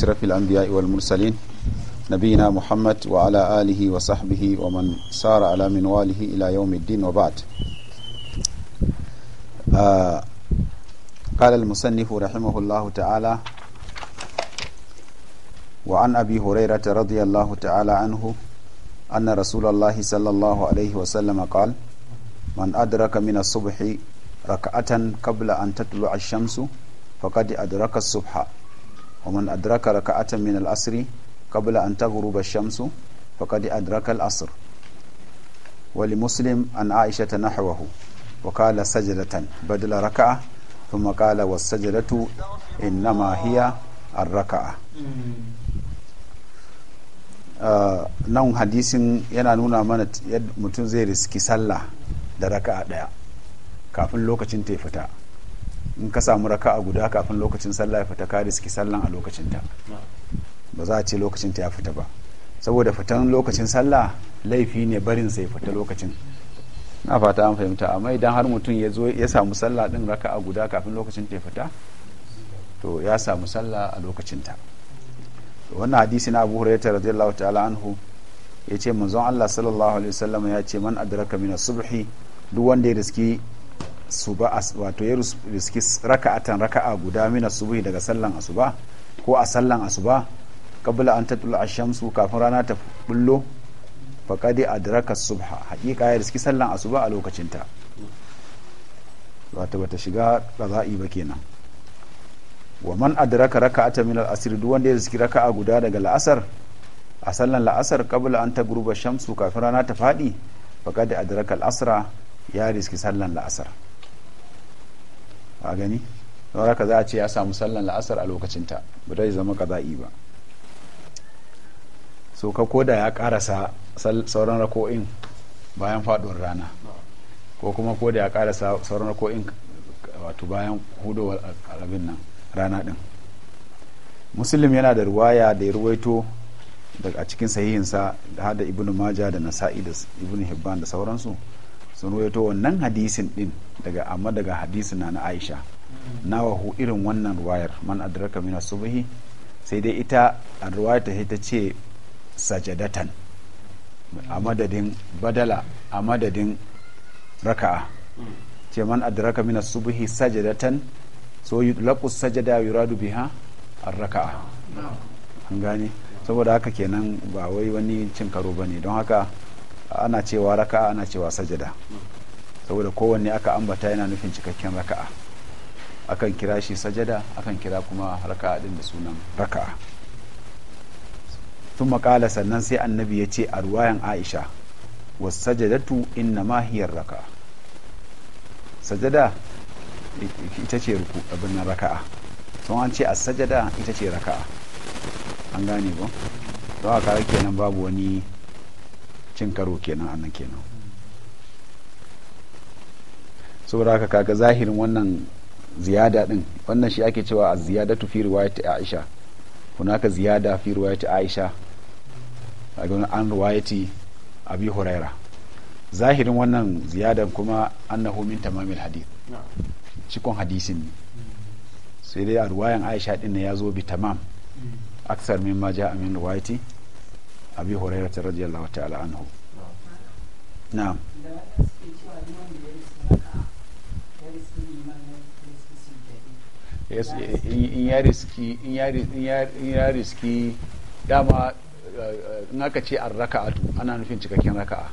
أشرف الأنبياء والمرسلين نبينا محمد وعلى آله وصحبه ومن سار على منواله إلى يوم الدين وبعد آه قال المصنف رحمه الله تعالى وعن أبي هريرة رضي الله تعالى عنه أن رسول الله صلى الله عليه وسلم قال من أدرك من الصبح ركعة قبل أن تطلع الشمس فقد أدرك الصبح ومن أدرك ركعة من الأسر قبل أن تغرب الشمس فقد أدرك الأسر ولمسلم أن عائشة نحوه وقال سجدة بدل ركعة ثم قال والسجدة إنما هي الركعة nan hadisin yana nuna mana mutum zai riski sallah da raka'a daya kafin lokacin ta fita in ka samu a guda kafin lokacin sallah ya fita ka riski sallan a lokacin ta ba za a ce lokacin ta ya fita ba saboda fitan lokacin sallah laifi ne barin sai fita lokacin na fata an fahimta amma idan har mutum ya zo ya samu sallah din raka'a guda kafin lokacin ta fita to ya samu sallah a lokacin ta wannan hadisi na Abu Hurairah radiyallahu ta'ala anhu yace manzon Allah sallallahu alaihi wasallam ya ce man adraka min as-subhi duk wanda ya riski suba wato ya riski raka'atan raka'a guda mina subuhi daga sallan asuba ko a sallan asuba kabla an tatul shamsu kafin rana ta bullo kadi adraka subha haƙiƙa ya riski sallan asuba a lokacinta wato bata shiga qaza'i ba kenan wa man adraka raka'atan min al-asr duk wanda ya riski raka'a guda daga la'asar a sallan la'asar kabla an tagruba shamsu kafin rana ta fadi kadi adraka al-asra ya riski sallan la'asar a gani don haka za a ce ya samu sallan la'asar a lokacin ta ba zai zama kaza'i ba so ka koda ya karasa sauran rako'in bayan faduwar rana ko kuma koda ya karasa sauran rako'in wato bayan hudowar alabin nan rana din muslim yana da ruwaya da ya ruwaito daga cikin sahihinsa da hada ibn maja da nasa'i da ibn hibban da sauransu sun ruwaito wannan hadisin din daga amma daga hadisin na na aisha wahu irin wannan ruwayar man adraka min subhi sai dai ita a ruwayar ta ce sajadatan a madadin badala a madadin raka'a ce man adraka min subhi sajadatan so yutlaqu sajada yuradu biha ar-raka'a an gane saboda haka kenan ba wai wani cin karo bane don haka ana cewa raka'a ana cewa sajada saboda kowanne aka ambata yana nufin cikakken raka'a akan kira shi sajada akan kira kuma raka'a din da sunan raka'a sun makala sannan sai annabi ya ce a ruwayan aisha wasu sajadatu inna mahiyar raka'a sajada ita ce ruku abin na raka'a sun an ce a sajada ita ce raka'a an gane ba don haka kenan babu wani cin karo kenan annan kenan saboda haka kaga zahirin wannan ziyada din wannan shi ake cewa a ziyadatu fi riwayati aisha hunaka ziyada fi riwayati aisha a gani an riwayati abi huraira zahirin wannan ziyadan kuma annahu min tamamil hadith cikon hadisin ne sai dai a ruwayan aisha din ya zo bi tamam hmm. aksar min ma ja'a min riwayati abi hurairata radiyallahu ta'ala anhu na'am in ya riski dama eh, in aka ce an raka'atu ana nufin cikakken raka'a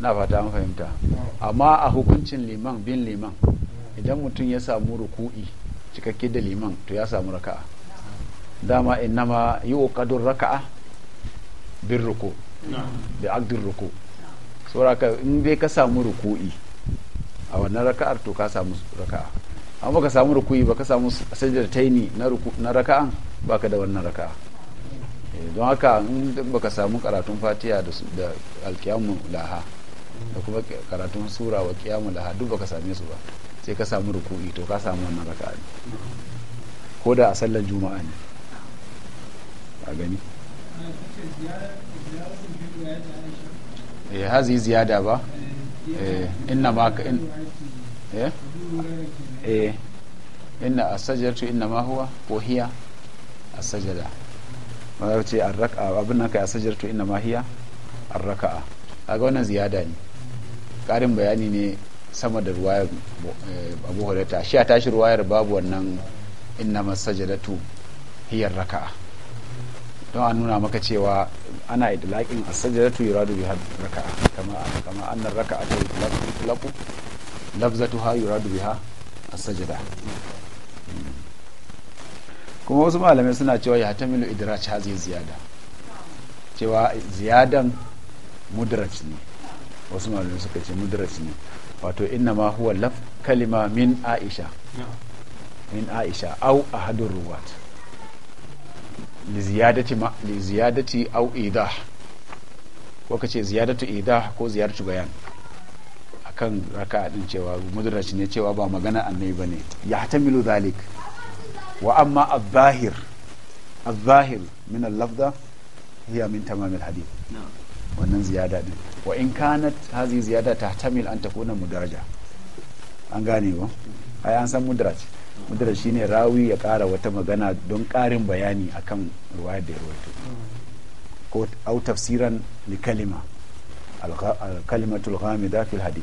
na fata an fahimta amma a hukuncin liman bin liman idan mutum ya samu ruku'i cikakke da liman to ya samu raka'a dama innama yi ƙoƙadun raka'a bin ruku da akdin ruku sauraka in dai ka samu ruku'i a wannan raka'ar to ka samu raka'a an baka samu ruku'i ba ka samu sajjar taini na raka'an baka da wannan raka'a eh, don haka in baka samu karatun fatiya da alkiyamu laha da kuma karatun sura wa kiyamu laha duk baka same su ba sai ka samu ruku'i to ka samu wannan raka'a ko da a sallar juma'a ne a gani eh hazi ziyada ba eh inna ma ka eh eh inna as inna ma huwa wa hiya asajada sajda ma ce ar-raka'a abin nan kai as-sajdatu inna ma hiya ar kaga wannan ziyada ne karin bayani ne sama da ruwayar Abu eh, Hurairah shi a tashi ruwayar babu wannan inna mas-sajdatu hiya ar-raka'a don an nuna maka cewa ana idlaqin as-sajdatu yuradu biha raka'a kama kama annar raka'atu laqu lafzatuha yuradu biha as-sajda kuma wasu malamai suna cewa ya tamilu idraj hazi ziyada cewa ziyadan mudraj ne wasu malamai suka ce mudraj ne wato inna ma huwa laf kalima min aisha min aisha au ahadun ruwat liziyadati ma liziyadati au idah ko ce ziyadatu idah ko ziyaratu bayan akan raka din cewa mudraci ne cewa ba magana annabi bane yahtamilu zalik wa amma az-zahir az-zahir min al-lafza hiya min tamam al-hadith wannan ziyada din wa in kanat hazi ziyada tahtamil an takuna mudaraja an gane ba ai an san mudraci mudara shine rawi ya kara wata magana don karin bayani akan ruwaya da ruwaito ko au tafsiran li kalima al kalimatul ghamida hadi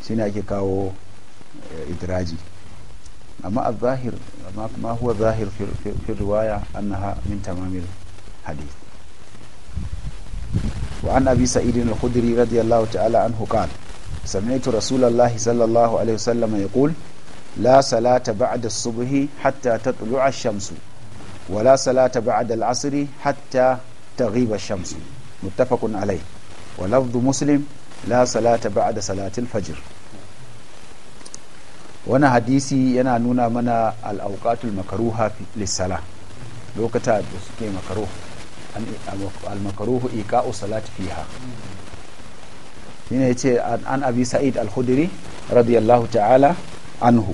shi shine ake kawo eh, idraji amma a zahir ma huwa zahir fi riwaya annaha min tamamil hadi. wa an abi sa'id al-khudri radiyallahu ta'ala anhu qala sami'tu rasulullahi sallallahu alaihi ya yaqul la salata ba'da subhi hatta tatlu'a shamsu wala salata ba'da al-asri hatta taghiba shamsu muttafaqun alayh wa lafdhu muslim la salata ba'da salatil fajr wani hadisi yana nuna mana al-awqatul makruha lis da suke makruh al-makruhu iqa'u salati fiha shine yace an abi sa'id al-khudri radiyallahu ta'ala anhu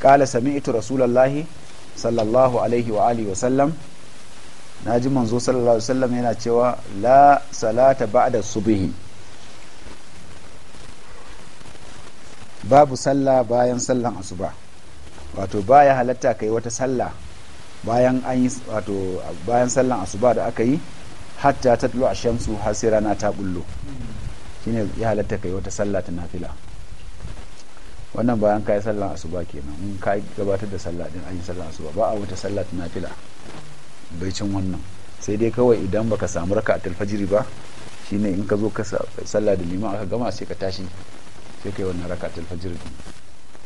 قال سمعت رسول الله صلى الله عليه وآله وسلم ناجي منزو صلى الله عليه وسلم ينا تشوى لا صلاة بعد الصبح babu sallah bayan sallan asuba wato baya halatta kai wata sallah bayan an yi wato bayan sallan asuba da aka yi hatta tatlu ashamsu har sai rana ta bullo shine ya halatta kai wata sallah ta nafila wannan bayan ka yi sallan asuba kenan in ka gabatar da sallah din an yi sallan asuba ba a wata sallah ta nafila bai cin wannan sai dai kawai idan baka samu raka a fajiri ba shine in ka zo ka sallah da liman aka gama sai ka tashi sai kai wannan raka a fajiri din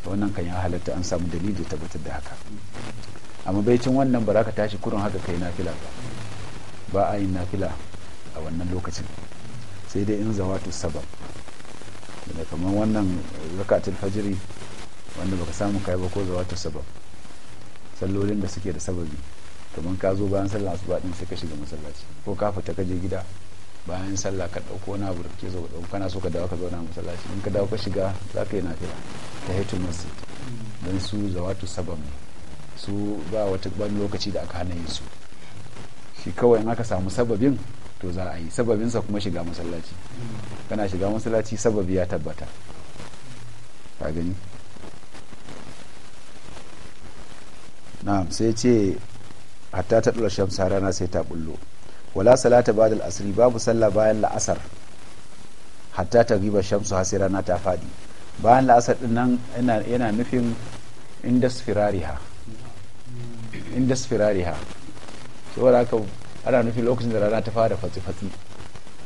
wannan kan ya halatta an samu dalili da tabbatar da haka amma bai cin wannan ba ka tashi kurin haka kai nafila ba ba a yin nafila a wannan lokacin sai dai in zawatu sabab da kamar wannan zakatul fajiri wanda baka samu kai ba ko ta sabab sallolin da suke da sababi kamar ka zo bayan sallah su baɗin sai ka shiga masallaci ko ka fita ka je gida bayan sallah ka ɗauko wani abu da kake zo ɗauko kana so ka dawo ka zauna masallaci in ka dawo ka shiga za ka yi nafila ta haitu masjid don su zawatu sabab ne su ba wata ban lokaci da aka hana yi su shi kawai in aka samu sababin to za a yi sababinsa kuma shiga masallaci kana shiga masallaci sababi ya tabbata ka gani na'am sai ce hatta ta dula shamsa rana sai ta bullo wala salata ba'da da asri babu sallah bayan la'asar hatta ta riba shamsu har sai rana ta fadi bayan la'asar din nan yana nufin indas firariha indas firariha saboda haka ana nufin lokacin da rana ta fara fatsi-fatsi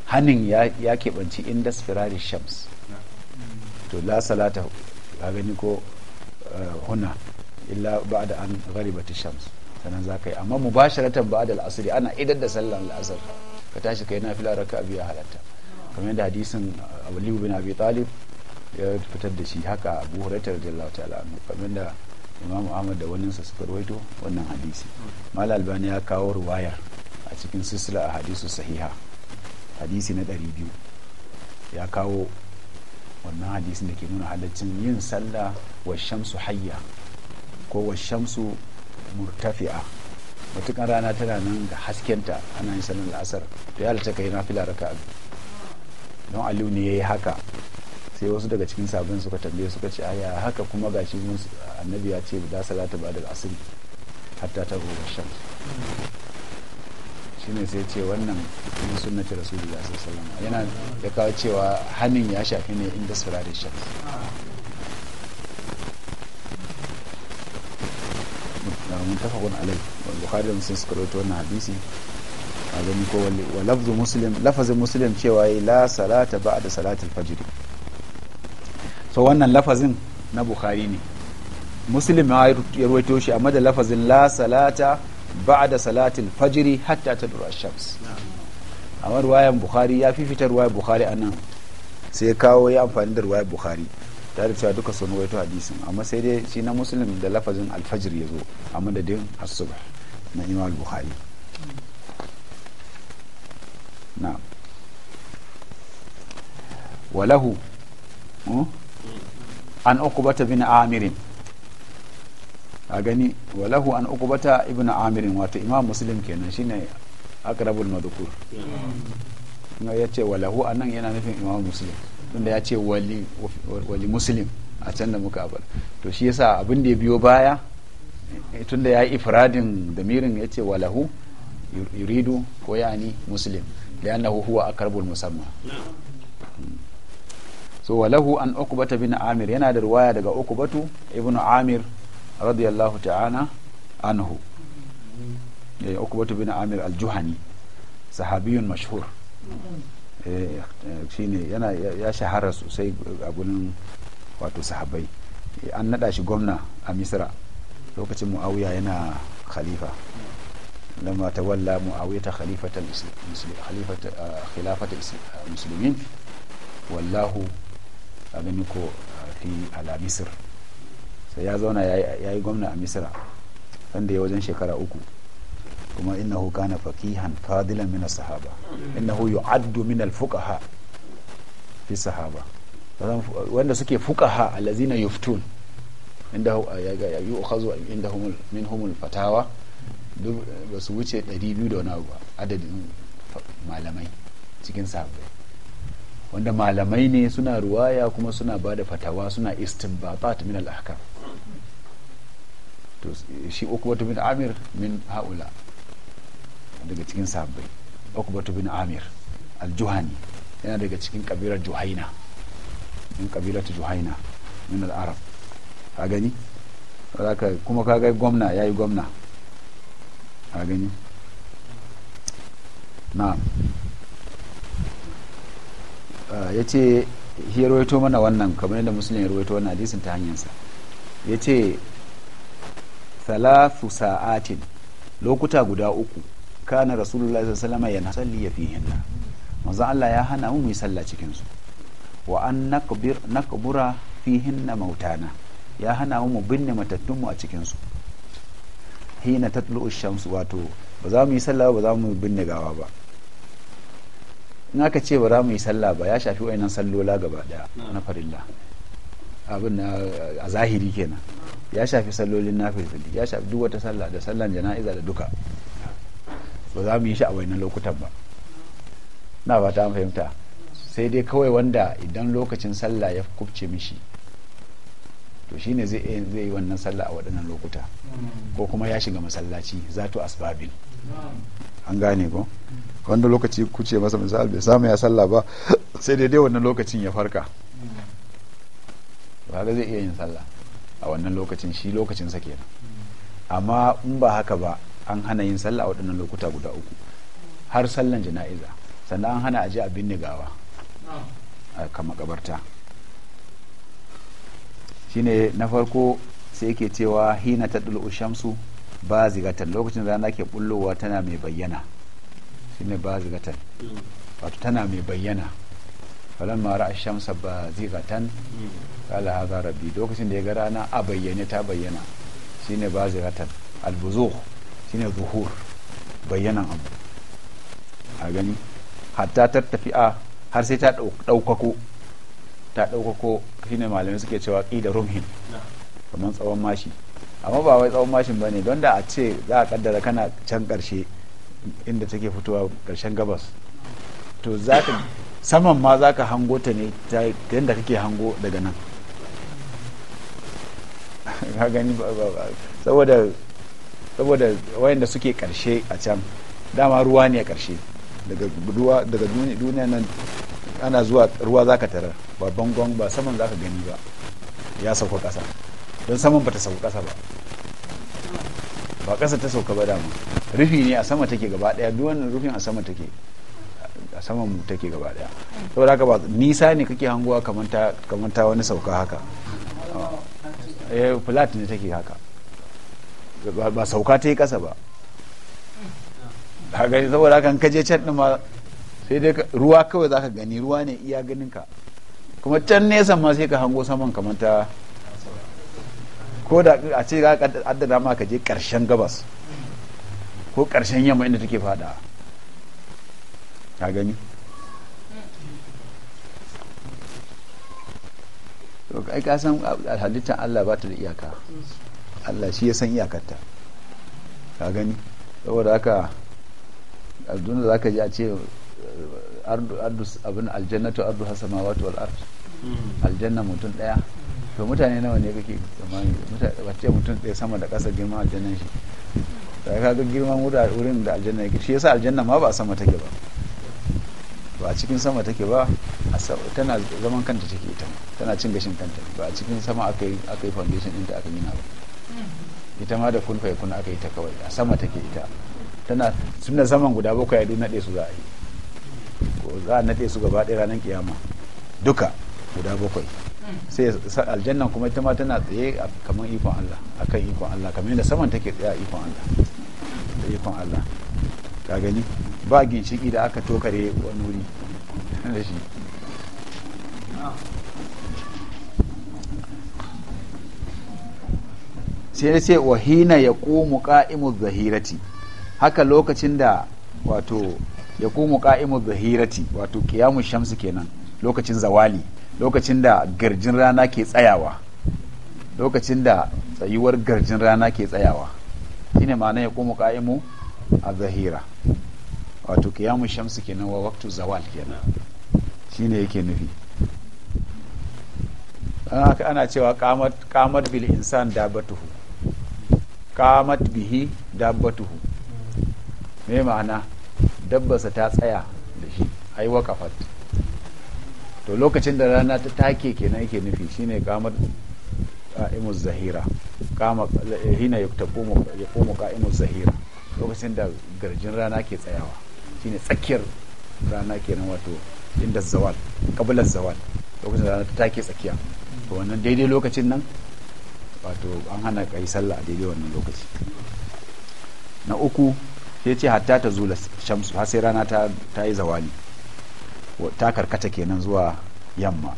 hanin ya keɓanci inda spirari shams to la salata a gani ko eh, huna illa ba da an gharibati shams sannan za ka yi amma mu basharatan ba da al'asiri ana idar da sallar al'asar ka tashi ka yi na fila raka ya halatta kamar yadda hadisin eh, abu bin abi talib ya fitar da shi haka abu da jallawa ta anhu kamar da imam ahmad da waninsa suka rawaito wannan hadisi mala albani ya kawo ruwayar a cikin sisila a hadisu sahiha hadisi na 200 ya kawo wannan hadisin da ke nuna halaccin yin sallah wa shamsu hayya ko wa shamsu murtafi'a matukan rana tana nan ga haskenta ana yin sallar la'asar da ya halatta kai nafila raka don aliyu ne ya yi haka sai wasu daga cikin sabbin suka tambaye suka ce aya haka kuma ga gashi annabi ya ce da salata ba da asiri hatta ta ruwa shamsu shine sai ce wannan in sunnati rasulullah sallallahu alaihi yana ya kawo cewa hannun ya shafi ne inda sura da shaf muttafaqun alai bukari da muslim suka rawaito wani hadisi a gani ko wani lafzu muslim lafazin muslim cewa la salata da salatar fajiri. so wannan lafazin na bukari ne muslim ya rawaito shi a da lafazin la salata da salatil fajiri hatta tadra shams amma ruwayan bukhari ya fitar ruwayan bukhari anan sai kawo ya amfani da ruwayan bukhari da cewa duka sun waito hadisin amma sai dai shi na muslim da lafazin alfajir ya zo a madadin asuba na imal bukhari na walahu hmm? an uqbata bin amirin a gani walahu an ukubata ibn amirin wato imam muslim kenan shine akrabul madhkur kuma ya ce walahu anan yana nufin imam muslim tunda ya ce wali wali muslim a can da muka bar to shi yasa abin da ya biyo baya eh, tunda ya yi ifradin damirin ya ce walahu yuridu ko yani muslim yana huwa akrabul musamman so walahu an ukubata bin amir yana da ruwaya daga uqbatu ibn amir radiyallahu ta'ala anhu ya eh, yi ukubatu bin amir aljuhani sahabiyun mashhur eh, eh, shi ne yana ya shahara sosai a gudun wato sahabai an nada shi gwamna a misra lokacin muawiya yana khalifa lamma tawalla لما تولى معاوية خليفة خليفة خلافة المسلمين والله أبنكو fi ala misr sai ya zauna ya yi gwamna a misra wanda ya wajen shekara uku kuma innahu kana faqihan fadilan min sahaba innahu yu'addu min al-fuqaha fi sahaba wanda suke fuqaha allazina yuftun indahu yu'khazu inda minhum al-fatawa ba su wuce 200 da wani adadin malamai cikin sahaba wanda malamai ne suna ruwaya kuma suna ba da fatawa suna istinbatat min al-ahkam to shi ukubatu bin amir min haula daga cikin sahabbai ukubatu bin amir aljuhani yana daga cikin kabilar juhaina min kabilar juhaina min al-arab ka gani kuma ka ga gwamna ya yi gwamna ka gani na ah, ya ce ya rawaito mana wannan kamar yadda musulun ya rawaito wannan hadisin ta hanyarsa ya ce thalathu sa'atin lokuta guda uku kana rasulullahi sallallahu alaihi wasallam yana salli fihinna manzo Allah ya hana mu yi sallah cikin su wa an naqbir naqbura fihinna mautana ya hana mu mu binne matattunmu a cikin su hina tatlu'u shamsu wato ba za mu yi sallah ba za mu binne gawa ba in aka ce ba za mu yi sallah ba ya shafi wayannan sallola gaba daya na farilla abin a zahiri kenan ya shafi sallolin nafilfili ya shafi duk wata sallah da sallan jana'iza da duka ba za mu yi shi a wainan lokutan ba na fata ta fahimta sai dai kawai wanda idan lokacin sallah ya kubce mishi to shi zai zai yi wannan sallah a waɗannan lokuta ko kuma ya shiga masallaci zato asbabin an gane ko wanda lokaci kuce masa misali bai samu ya sallah ba sai dai dai wannan lokacin ya farka ba zai iya yin sallah a wannan lokacin shi lokacin sa kenan amma in ba haka ba an hana yin sallah a waɗannan lokuta guda uku har sallan jana'iza sannan an hana aje abin nigawa a kama kabarta shine na farko sai yake cewa hina ta dulu shamsu ba zigatan lokacin rana ke bullowa tana mai bayyana shine ba zigatan wato tana mai bayyana falamma ra'a shamsa ba zigatan kala haza rabbi lokacin da ya ga rana a bayyane ta bayyana shine baziratan shi shine zuhur bayyanan abu a gani hatta ta a har sai ta ɗaukako ta ɗaukako shine malamai suke cewa da rumhin kamar tsawon mashi amma ba wai tsawon mashin bane don da a ce za a kaddara kana can ƙarshe inda take fitowa ƙarshen gabas to saman ma za ka hango ta ne ta yadda kake hango daga nan ka gani saboda saboda wayanda suke karshe a can dama ruwa ne a karshe daga duniya nan ana zuwa ruwa zaka tarar ba bangon ba saman zaka gani ba ya sauka kasa don saman bata sauka kasa ba ba kasa ta sauka ba dama rufi ne a sama take gaba daya duk wannan rufin a sama take a saman mu take gaba daya saboda haka ba nisa ne kake hangowa kamar ta wani sauka haka Eh, flat ne take haka ba sauka ta yi kasa ba gani saboda hakan kaje can ɗin ma sai dai ruwa kawai za ka gani ruwa ne iya ganin ka kuma can nesa ma sai ka hango saman kamar ta ko da a ce ka addada ma ka je ƙarshen gabas ko ƙarshen yamma inda take fada ka gani to ai ka san halittar Allah ba ta da iyaka Allah shi ya san iyakarta ka gani saboda haka abdun za ka ji a ce ardu abin aljannatu ardu hasamawatu wal ard hmm. aljanna mutum daya to mutane nawa ne kake tsammani mutane mutum daya sama da ƙasa girman aljannan shi da ka ga girman wurin da aljanna yake shi yasa aljanna ma ba sama take ba ba a cikin sama take ba tana zaman kanta take ita tana cin gashin kanta ba a cikin sama aka yi foundation ɗinta aka gina ba hmm. ita ma da kun kuna aka yi ta kawai a sama take ita tana suna zaman guda bakwai duk naɗe su za a yi ko za a naɗe su gaba ɗaya ranar kiyama duka guda bakwai hmm. sai aljannan kuma ita ma tana tsaye kamar ikon Allah akan ikon Allah kamar yadda saman take tsaye a ikon Allah da ikon Allah ka gani ba ginshiki da aka tokare wani wuri da shi sai na ce wahina ya ƙomu ka'imu zahirati haka lokacin da wato ya ƙomu ka'imu zahirati wato kiyamun shamsu kenan lokacin zawali lokacin da garjin rana ke tsayawa lokacin da tsayuwar garjin rana ke tsayawa shine ma'ana ya ƙomu ka'imu a zahira wato kiyamu shamsu kenan wa waktu zawal kenan shine yake nufi ana cewa kamat bil insan dabatuhu kamat bihi dabatuhu me ma'ana dabbarsa ta tsaya da shi ai wakafat to lokacin da rana ta take kenan yake nufi shine kamar qa'imu zahira kama hina yaktaqumu yaqumu qa'imu zahira lokacin da garjin rana ke tsayawa shine tsakiyar rana kenan wato inda zawal kabilar zawal lokacin da rana ta take tsakiya to wannan daidai lokacin nan wato an hana kai sallah a daidai wannan lokaci na uku sai ce hatta ta zula shamsu har sai rana ta yi zawali ta karkata kenan zuwa yamma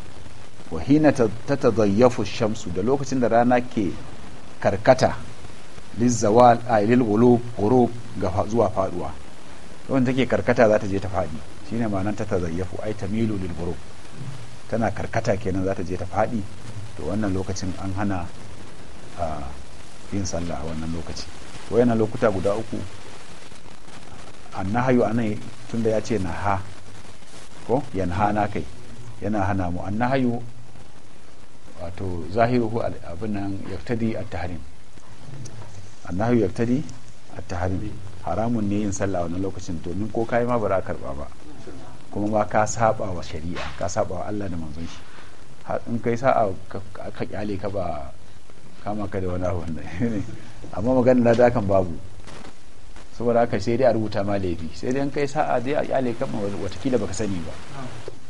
wa hina ta tazayyafu shamsu da lokacin da rana ke karkata lizawal zawal a lil ga zuwa faduwa wanda take karkata za ta je ta faɗi shine ma'anar ta tazayyafu ai ta lil ghurub tana karkata kenan za ta je ta faɗi to wannan lokacin an hana yin sallah a wannan lokaci wayannan lokuta guda uku annahayu anan tunda ya ce ha ko yanha na kai yana hana mu annahayu wato zahiruhu abin nan yaktadi at-tahrim annahayu yaktadi at-tahrim haramun ne yin sallah wani lokacin domin ko kai ma ba za karba ba kuma ba ka saba wa shari'a ka saba wa Allah da manzon shi in kai sa'a ka kyale ka ba kama ka da wani abu ne amma magana da kan babu saboda haka sai dai a rubuta ma laifi sai dai in kai sa'a dai a kyale ka watakila baka sani ba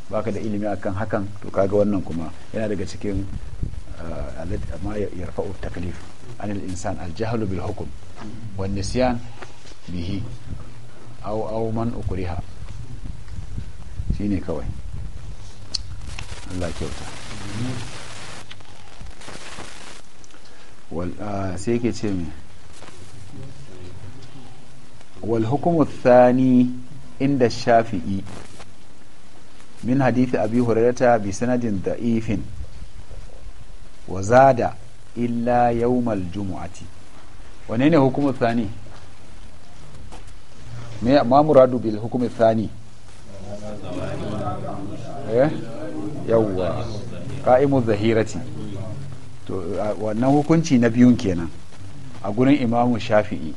baka da ilimi akan hakan to kaga wannan kuma yana daga cikin ah, ma yarfa'u taklif anil insan al jahlu bil hukm wa nisyan bihi au au man ukuriha shine kawai Allah kyauta ah, sai ke ce mai wal thani inda shafi'i min hadithi abi hurairata bi sanadin da'ifin wa zada illa me amma muradu bil hukumi thani eh yawwa qa'imu zahirati to wannan hukunci na biyun kenan a gurin imamu shafi'i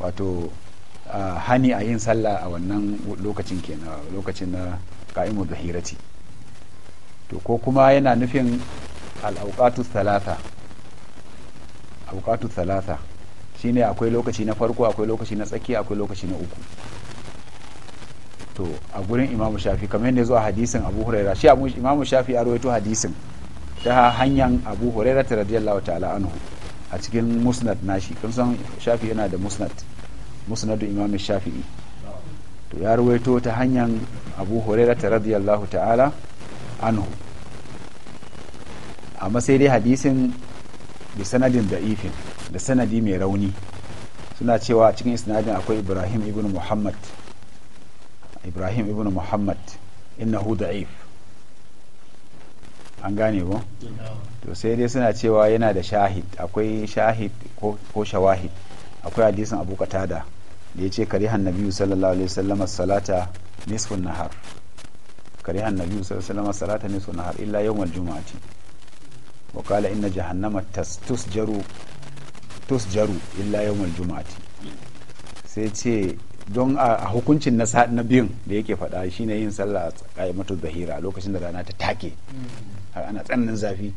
wato hani a yin sallah a wannan lokacin kenan lokacin na qa'imu zahirati to ko kuma yana nufin al-awqatu thalatha awqatu thalatha shine akwai lokaci na farko akwai lokaci na tsakiya akwai lokaci na uku to a gurin imamu shafi kamar yadda zuwa hadisin abu huraira shi imamu shafi ya rawaito hadisin ta hanyar abu huraira ta radiyallahu ta'ala anhu a cikin musnad nashi kun san shafi yana da musnad musnadu imamu shafi'i to ya rawaito ta hanyar abu huraira ta radiyallahu ta'ala anhu amma sai dai hadisin bi sanadin da'ifin da sanadi mai rauni suna cewa cikin isnadin akwai ibrahim ibn muhammad ibrahim ibn muhammad innahu da'if an gane ba to sai dai suna cewa yana da shahid akwai shahid ko shawahid akwai hadisin abu katada da ya ce kare nabiyu sallallahu alaihi wasallam salata nisfun nahar karihan nabiyu sallallahu alaihi wasallam salata nisfun nahar illa yawmal jumu'ati wa qala inna jahannama tastusjaru jaru illa yawmal juma'ati sai ce don a hukuncin na na biyun da yake faɗa shine yin sallah a qa'imatul zahira lokacin da rana ta take mm. har ana tsananin zafi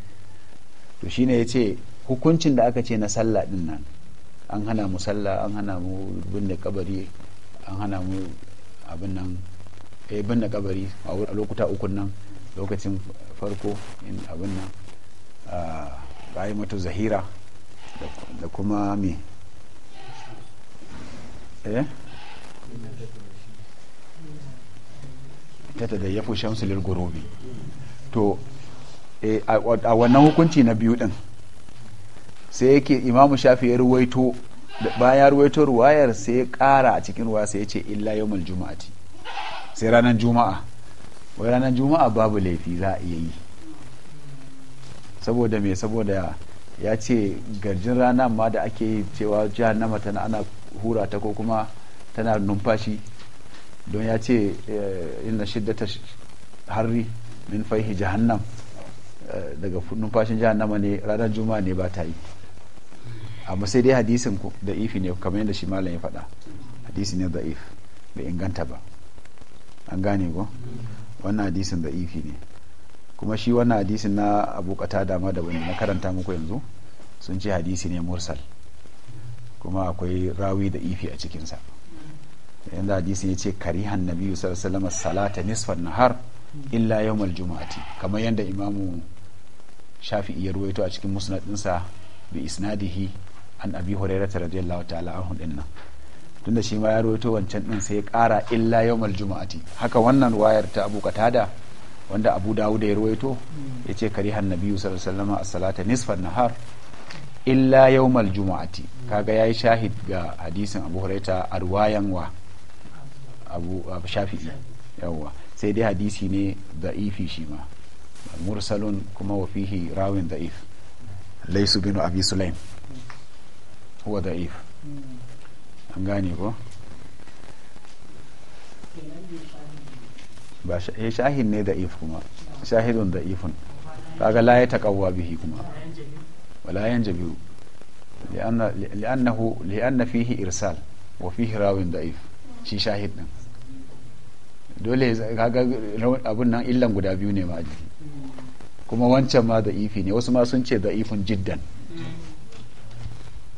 to shine ce hukuncin da aka ce na sallah din nan an hana mu sallah an hana mu binne kabari an hana mu abin nan eh binne kabari a lokuta ukun nan lokacin farko in abin nan ah, qa'imatul zahira da kuma me eh ta da ya shamsu lil gurubi to eh, a wannan hukunci na biyu din sai yake imamu shafi ya ruwaito bayan ruwaito ruwayar sai ya kara a cikin ruwa sai ya ce illa juma'a. juma'ati sai ranar juma'a wai ranar juma'a babu laifi za a iya yi saboda me saboda ya ce garjin rana ma da ake yi cewa jahannama tana ana hura ta ko kuma tana numfashi don ya ce eh, ina shiddata harri min faihi jahannam eh, daga numfashin jahannama ne ranar juma'a ne ba ta yi amma sai dai hadisin da ifi ne kamar yadda shi malam ya faɗa hadisi ne da if bai inganta ba an gane ko wannan hadisin da ifi ne kuma shi wannan hadisin na abu dama da wani na karanta muku yanzu sun ce hadisi ne mursal kuma akwai rawi da ifi a cikinsa yanda hadisi ya ce karihan nabiyu sallallahu salata nisfan nahar illa yawmal juma'ati kamar yadda imamu shafi iya ruwaito a cikin musnadinsa bi isnadihi an abi hurairah radiyallahu ta'ala anhu dinnan tunda shi ma ya ruwaito wancan din sai ya kara illa yawmal juma'ati haka wannan wayar ta abu katada wanda abu dawud ya ruwaito ya ce kari biyu sallallahu alaihi nisfan nahar illa yawmal juma'ati kaga yayi shahid ga hadisin abu huraita a ruwayan wa abu shafi'i yawwa sai dai hadisi ne da'ifi shi ma mursalun kuma wa fihi rawin da'if laisu bin abi sulaim huwa da'if an gane ko ba eh, shahin ne da'if kuma shahidun da'ifun kaga la ya taqawwa bihi kuma wala yanjabiu li'annahu li'anna fihi irsal wa fihi rawin da'if shi shahid din dole kaga abun nan illan guda biyu ne ma a jiki kuma wancan ma da'ifi ne wasu ma sun ce da'ifun jiddan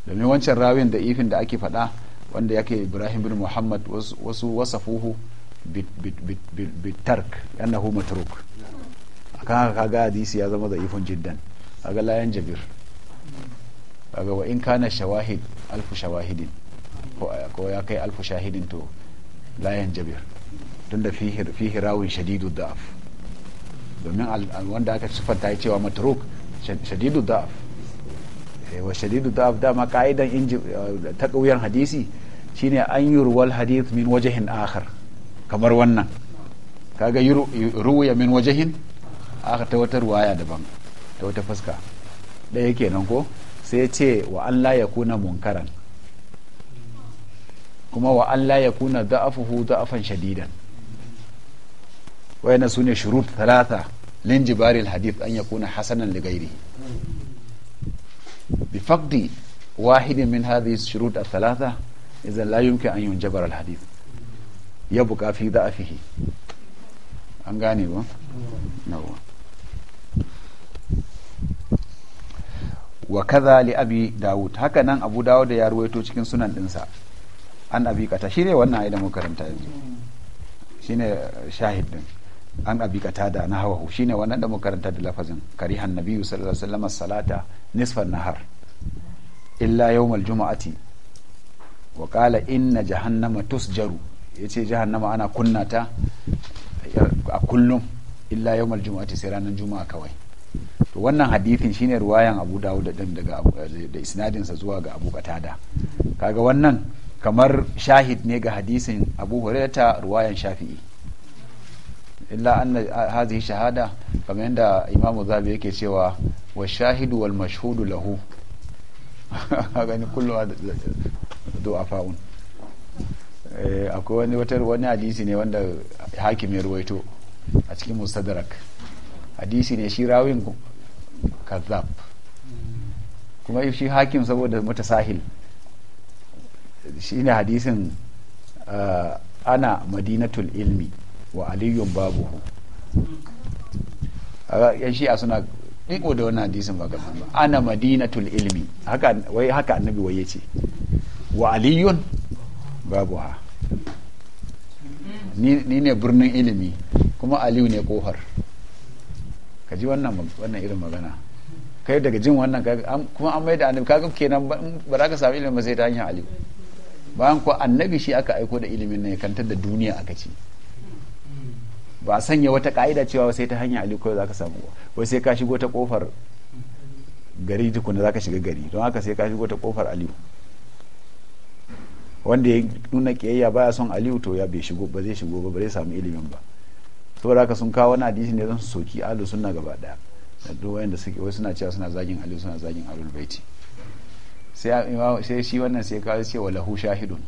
domin wancan rawin da'ifin da ake faɗa wanda yake ibrahim bin muhammad wasu wasafuhu بالترك أنه متروك كان قادي سياسة ضعيف جدا أقول لا ينجبر أقول وإن كان الشواهد ألف شواهد كوياكي ألف شاهد تو لا ينجبر تند فيه فيه راوي شديد الضعف دمن الوان داك سفر تايتي ومتروك شديد الضعف إيه، وشديد الضعف دا ما قاعدة تقوية حديثي شيني أن يروى الحديث من وجه آخر kamar wannan kaga ruwaya min wajahin aka ta wata ruwaya daban ta wata fuska ɗaya kenan ko sai ce wa Allah ya kuna munkaran kuma wa Allah ya kuna da'afuhu da'afan shadidan waina su ne shurut talata lin jibaril hadith an ya kuna hasanan ligairi bifakdi faqdi wahidin min hadhihi shurut talata idan la yumkin an yunjabar al hadith ya buka fi da'afihi an gane ba nawa wa kaza li abi dawud haka nan abu dawud da ya ruwaito cikin sunan dinsa an abi kata shi ne wannan ayi da muka karanta yanzu shine uh, shahid din an abi kata da na hawahu ne wannan da muka karanta da lafazin karihan nabiyyu sallallahu alaihi salata nisfan nahar illa yawmal jumu'ati wa qala inna jahannama tusjaru ya ce jahannama ana kunna ta a kullum illa yawmal juma'ati sai ranar juma'a kawai to wannan hadithin shine ruwayan abu dawud din daga da isnadinsa zuwa ga abu katada kaga wannan kamar shahid ne ga hadisin abu hurairata ruwayan shafi'i illa anna hadhihi shahada kamar yadda imam zabi yake cewa wa shahidu wal mashhudu lahu gani kullu faun. Eh, akwai wani wata wani hadisi ne wanda hakim ya ruwaito a cikin mustadrak hadisi ne shi rawin kazab kuma shi hakim saboda sahil shi ne hadisin eh, ana madinatul ilmi wa aliyun babuhu yan shi'a suna riko da wannan hadisin ba gaban ba ana madinatul ilmi haka annabi waye ce wa aliyun babu ha ni ne birnin ilimi kuma aliyu ne kofar ka ji wannan irin magana kai daga jin wannan kuma an maida annabi kaga kenan ba za ka samu ilimin ba sai ta hanyar aliyu bayan ko annabi shi aka aiko da ilimin ne kantar da duniya aka ce ba a sanya wata ka'ida cewa sai ta hanyar aliyu kawai za ka samu wai sai ka shigo ta kofar gari tukuna za ka shiga gari don haka sai ka shigo ta kofar aliyu wanda ya nuna kiyayya baya son aliyu to ya bai shigo ba zai shigo ba samu ilimin ba saboda haka sun kawo wani hadisi ne zan soki alu sunna gaba daya da duk wayanda suke wai suna cewa suna zagin aliyu suna zagin alul baiti sai shi wannan sai kawo ce wa lahu shahidun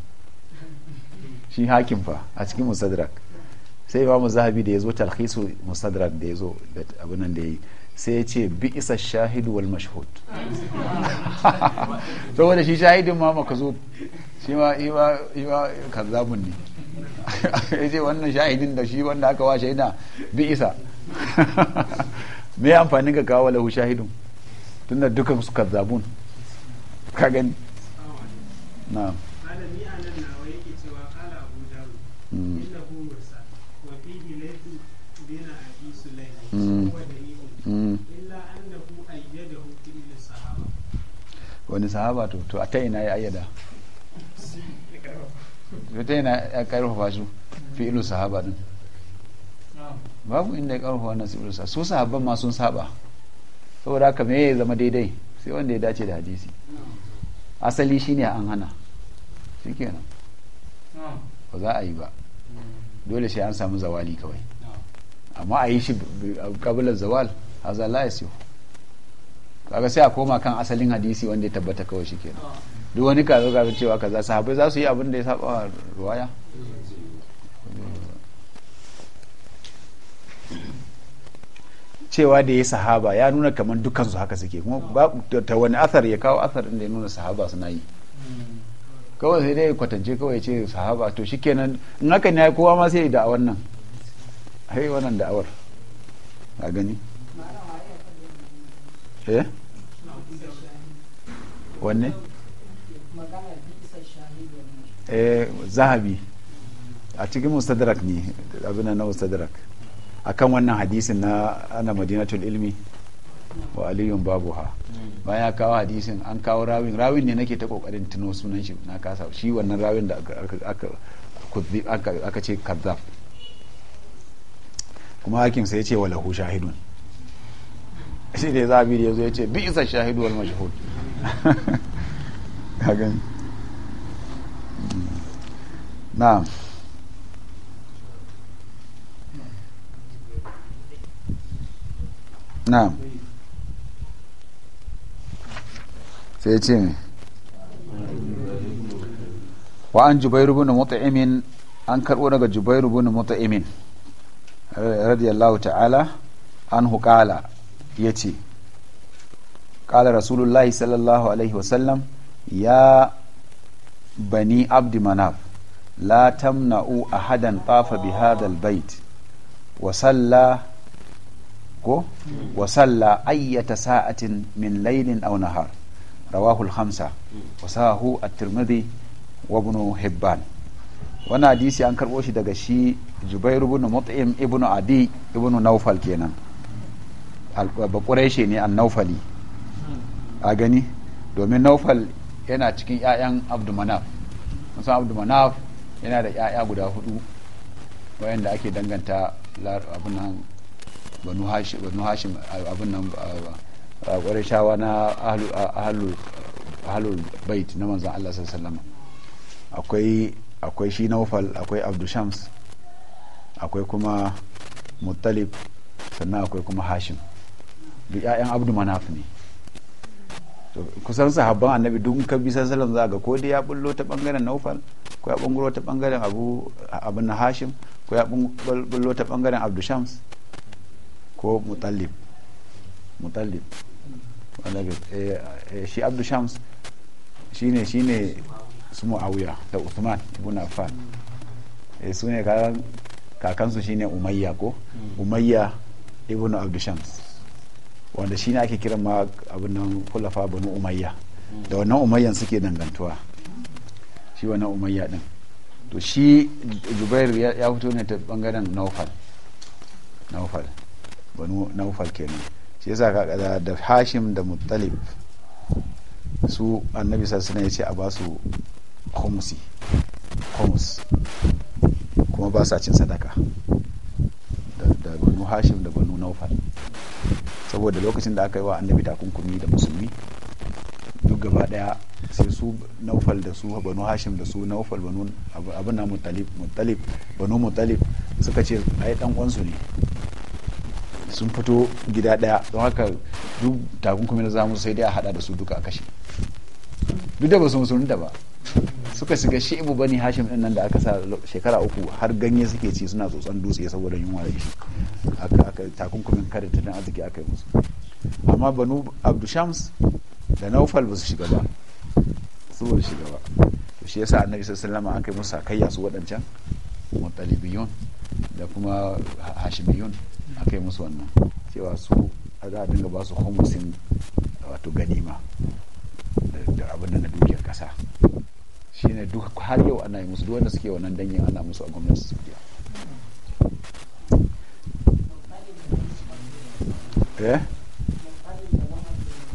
shi hakim fa a cikin musadrak sai imamu zahabi da ya zo talhisu musadrak da ya zo da abinan da ya sai ya ce bi isa shahidu wal mashhud saboda shi shahidin ma zo shi ma iwa iwa ne ya ce wannan shahidin da shi wanda aka washe shaida bi isa me amfanin ka kawo lahu shahidun tunda dukan su kazzabun ka gani na Mm. wani sahaba to to ta ina ya ayyada to ta ina ya karfafa su fi ilu sahaba din babu inda ya karfafa wannan su ilu sahaba su sahabban ma sun saba saboda haka me ya zama daidai sai wanda ya dace da hadisi asali shi ne an hana nan ba za a yi ba dole sai an samu zawali kawai amma a yi shi kabilar zawal haza la yasihu kaga sai a koma kan asalin hadisi wanda ya tabbata kawai shi kenan duk wani kazo ga cewa kaza sahabbai za su yi abin da ya saba wa ruwaya cewa da ya sahaba ya nuna kamar dukkan su haka suke kuma ta wani athar ya kawo athar inda ya nuna sahaba suna yi kawai sai dai kwatance kawai ce sahaba to shikenan in hakan ya kowa ma sai da a wannan hai wannan da'awar a gani eh wanne eh, zahabi a cikin mustadrak ne abin na mustadrak kan wannan hadisin na ana madinatul ilmi wa aliyun babu babuha ya kawo hadisin an kawo rawin rawin ne nake ta kokarin tuno sunan shi na kasa shi wannan rawin da aka ce kazzab kuma hakim sai ya ce wa walahu shahidun shi ne zabiri ya zo ya ce bi isa shahidu wal mashhud gani na na sai ce mai wa an jubairu bin mut'imin an karbo daga jubairu bin mut'imin eh, radiyallahu ta'ala an hukala ya ce ƙala rasulullahi sallallahu alaihi wasallam ya bani abdi manaf la tamna'u ahadan tafa bi hadal bait wasalla ko wasalla ayyata sa'atin min laylin aw nahar rawahu al-khamsa wa sahu at-tirmidhi wa ibn hibban wannan hadisi an karbo shi daga shi Zubairu ibn Mut'im ibn Adi ibn Naufal kenan baƙureshe ne an naufali a gani domin naufal yana cikin 'ya'yan abdumanaf musan abdumanaf yana da 'ya'ya guda hudu wayanda ake danganta abin nan banu hashim abin nan shawa na ahalul bait na manzan allah sallama akwai akwai shi naufal akwai abdushams akwai kuma muttalib sannan akwai kuma hashim da 'ya'yan abdu manaf ne kusan sahabban annabi duk ka bi sallallahu za ga ko dai ya bullo ta bangaren naufal ko ya bangaro ta bangaren abu abin hashim ko ya bullo ta bangaren abdu shams ko mutallib mutallib eh, eh, shi abdu shams shine shine su muawiya da uthman ibn affan eh, su ne kakansu shine umayya ko mm. umayya ibn abdu shams wanda shi ake kiran ma abin nan kulafa banu umayya da wannan umayyan suke dangantuwa shi wannan umayya din to shi zubair ya fito ne ta bangaren naufal naufal banu naufal kenan shi yasa kaga da hashim da muttalib su annabi sassana ya ce a basu su khumsi kuma ba sa cin sadaka da banu hashim da banu naufal saboda lokacin da aka yi wa annabi takunkumi da musulmi duk gaba daya sai su naufal da su banu hashim da su naufal banu abin na mutalib banu mutalib suka ce ai dan uwansu ne sun fito gida daya don haka duk takunkumi da zamu sai dai a hada da su duka a kashe duk da ba su musulunta ba suka shiga shebu bani hashim din nan da aka sa shekara uku har ganye suke ci suna tsotsan dutse saboda yunwa da ishi aka aka takunkumin kare dan arziki aka yi musu amma banu abdu shams da naufal ba su shiga ba su saboda shiga ba to shi yasa annabi sallallahu alaihi aka yi musu sakayya su wadancan mutalibiyun da kuma hashimiyun aka yi musu wannan cewa su za a dinga ba su humusin wato ganima da abin da na dukiyar kasa shine duk har yau ana yi musu duk wanda suke wannan dangin ana musu a gwamnati su biya eh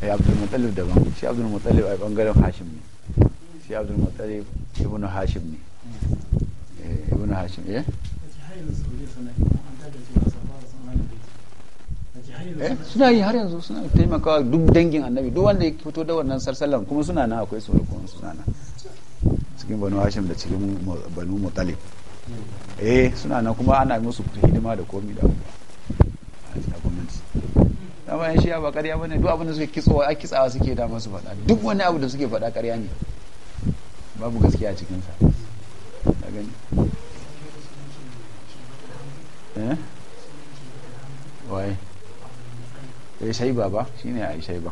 ya eh, abdul mutalib da ban shi abdul mutalib a bangaren hashim ne shi abdul mutalib ibn hashim ne eh ibn hashim eh? eh suna yi har yanzu suna taimakawa duk dangin annabi duk wanda ya fito da wannan sarsalan kuma suna nan akwai su da kuma suna nan cikin banu hashim da cikin banu mutalib eh suna nan kuma ana musu hidima da komi da a gwamnati dama yan shi ba karya bane duk abin da suke kitsowa a kitsawa suke da masu faɗa duk wani abu da suke faɗa karya ne babu gaskiya a cikinsa ka gani eh wai eh shaiba baba shine ai ba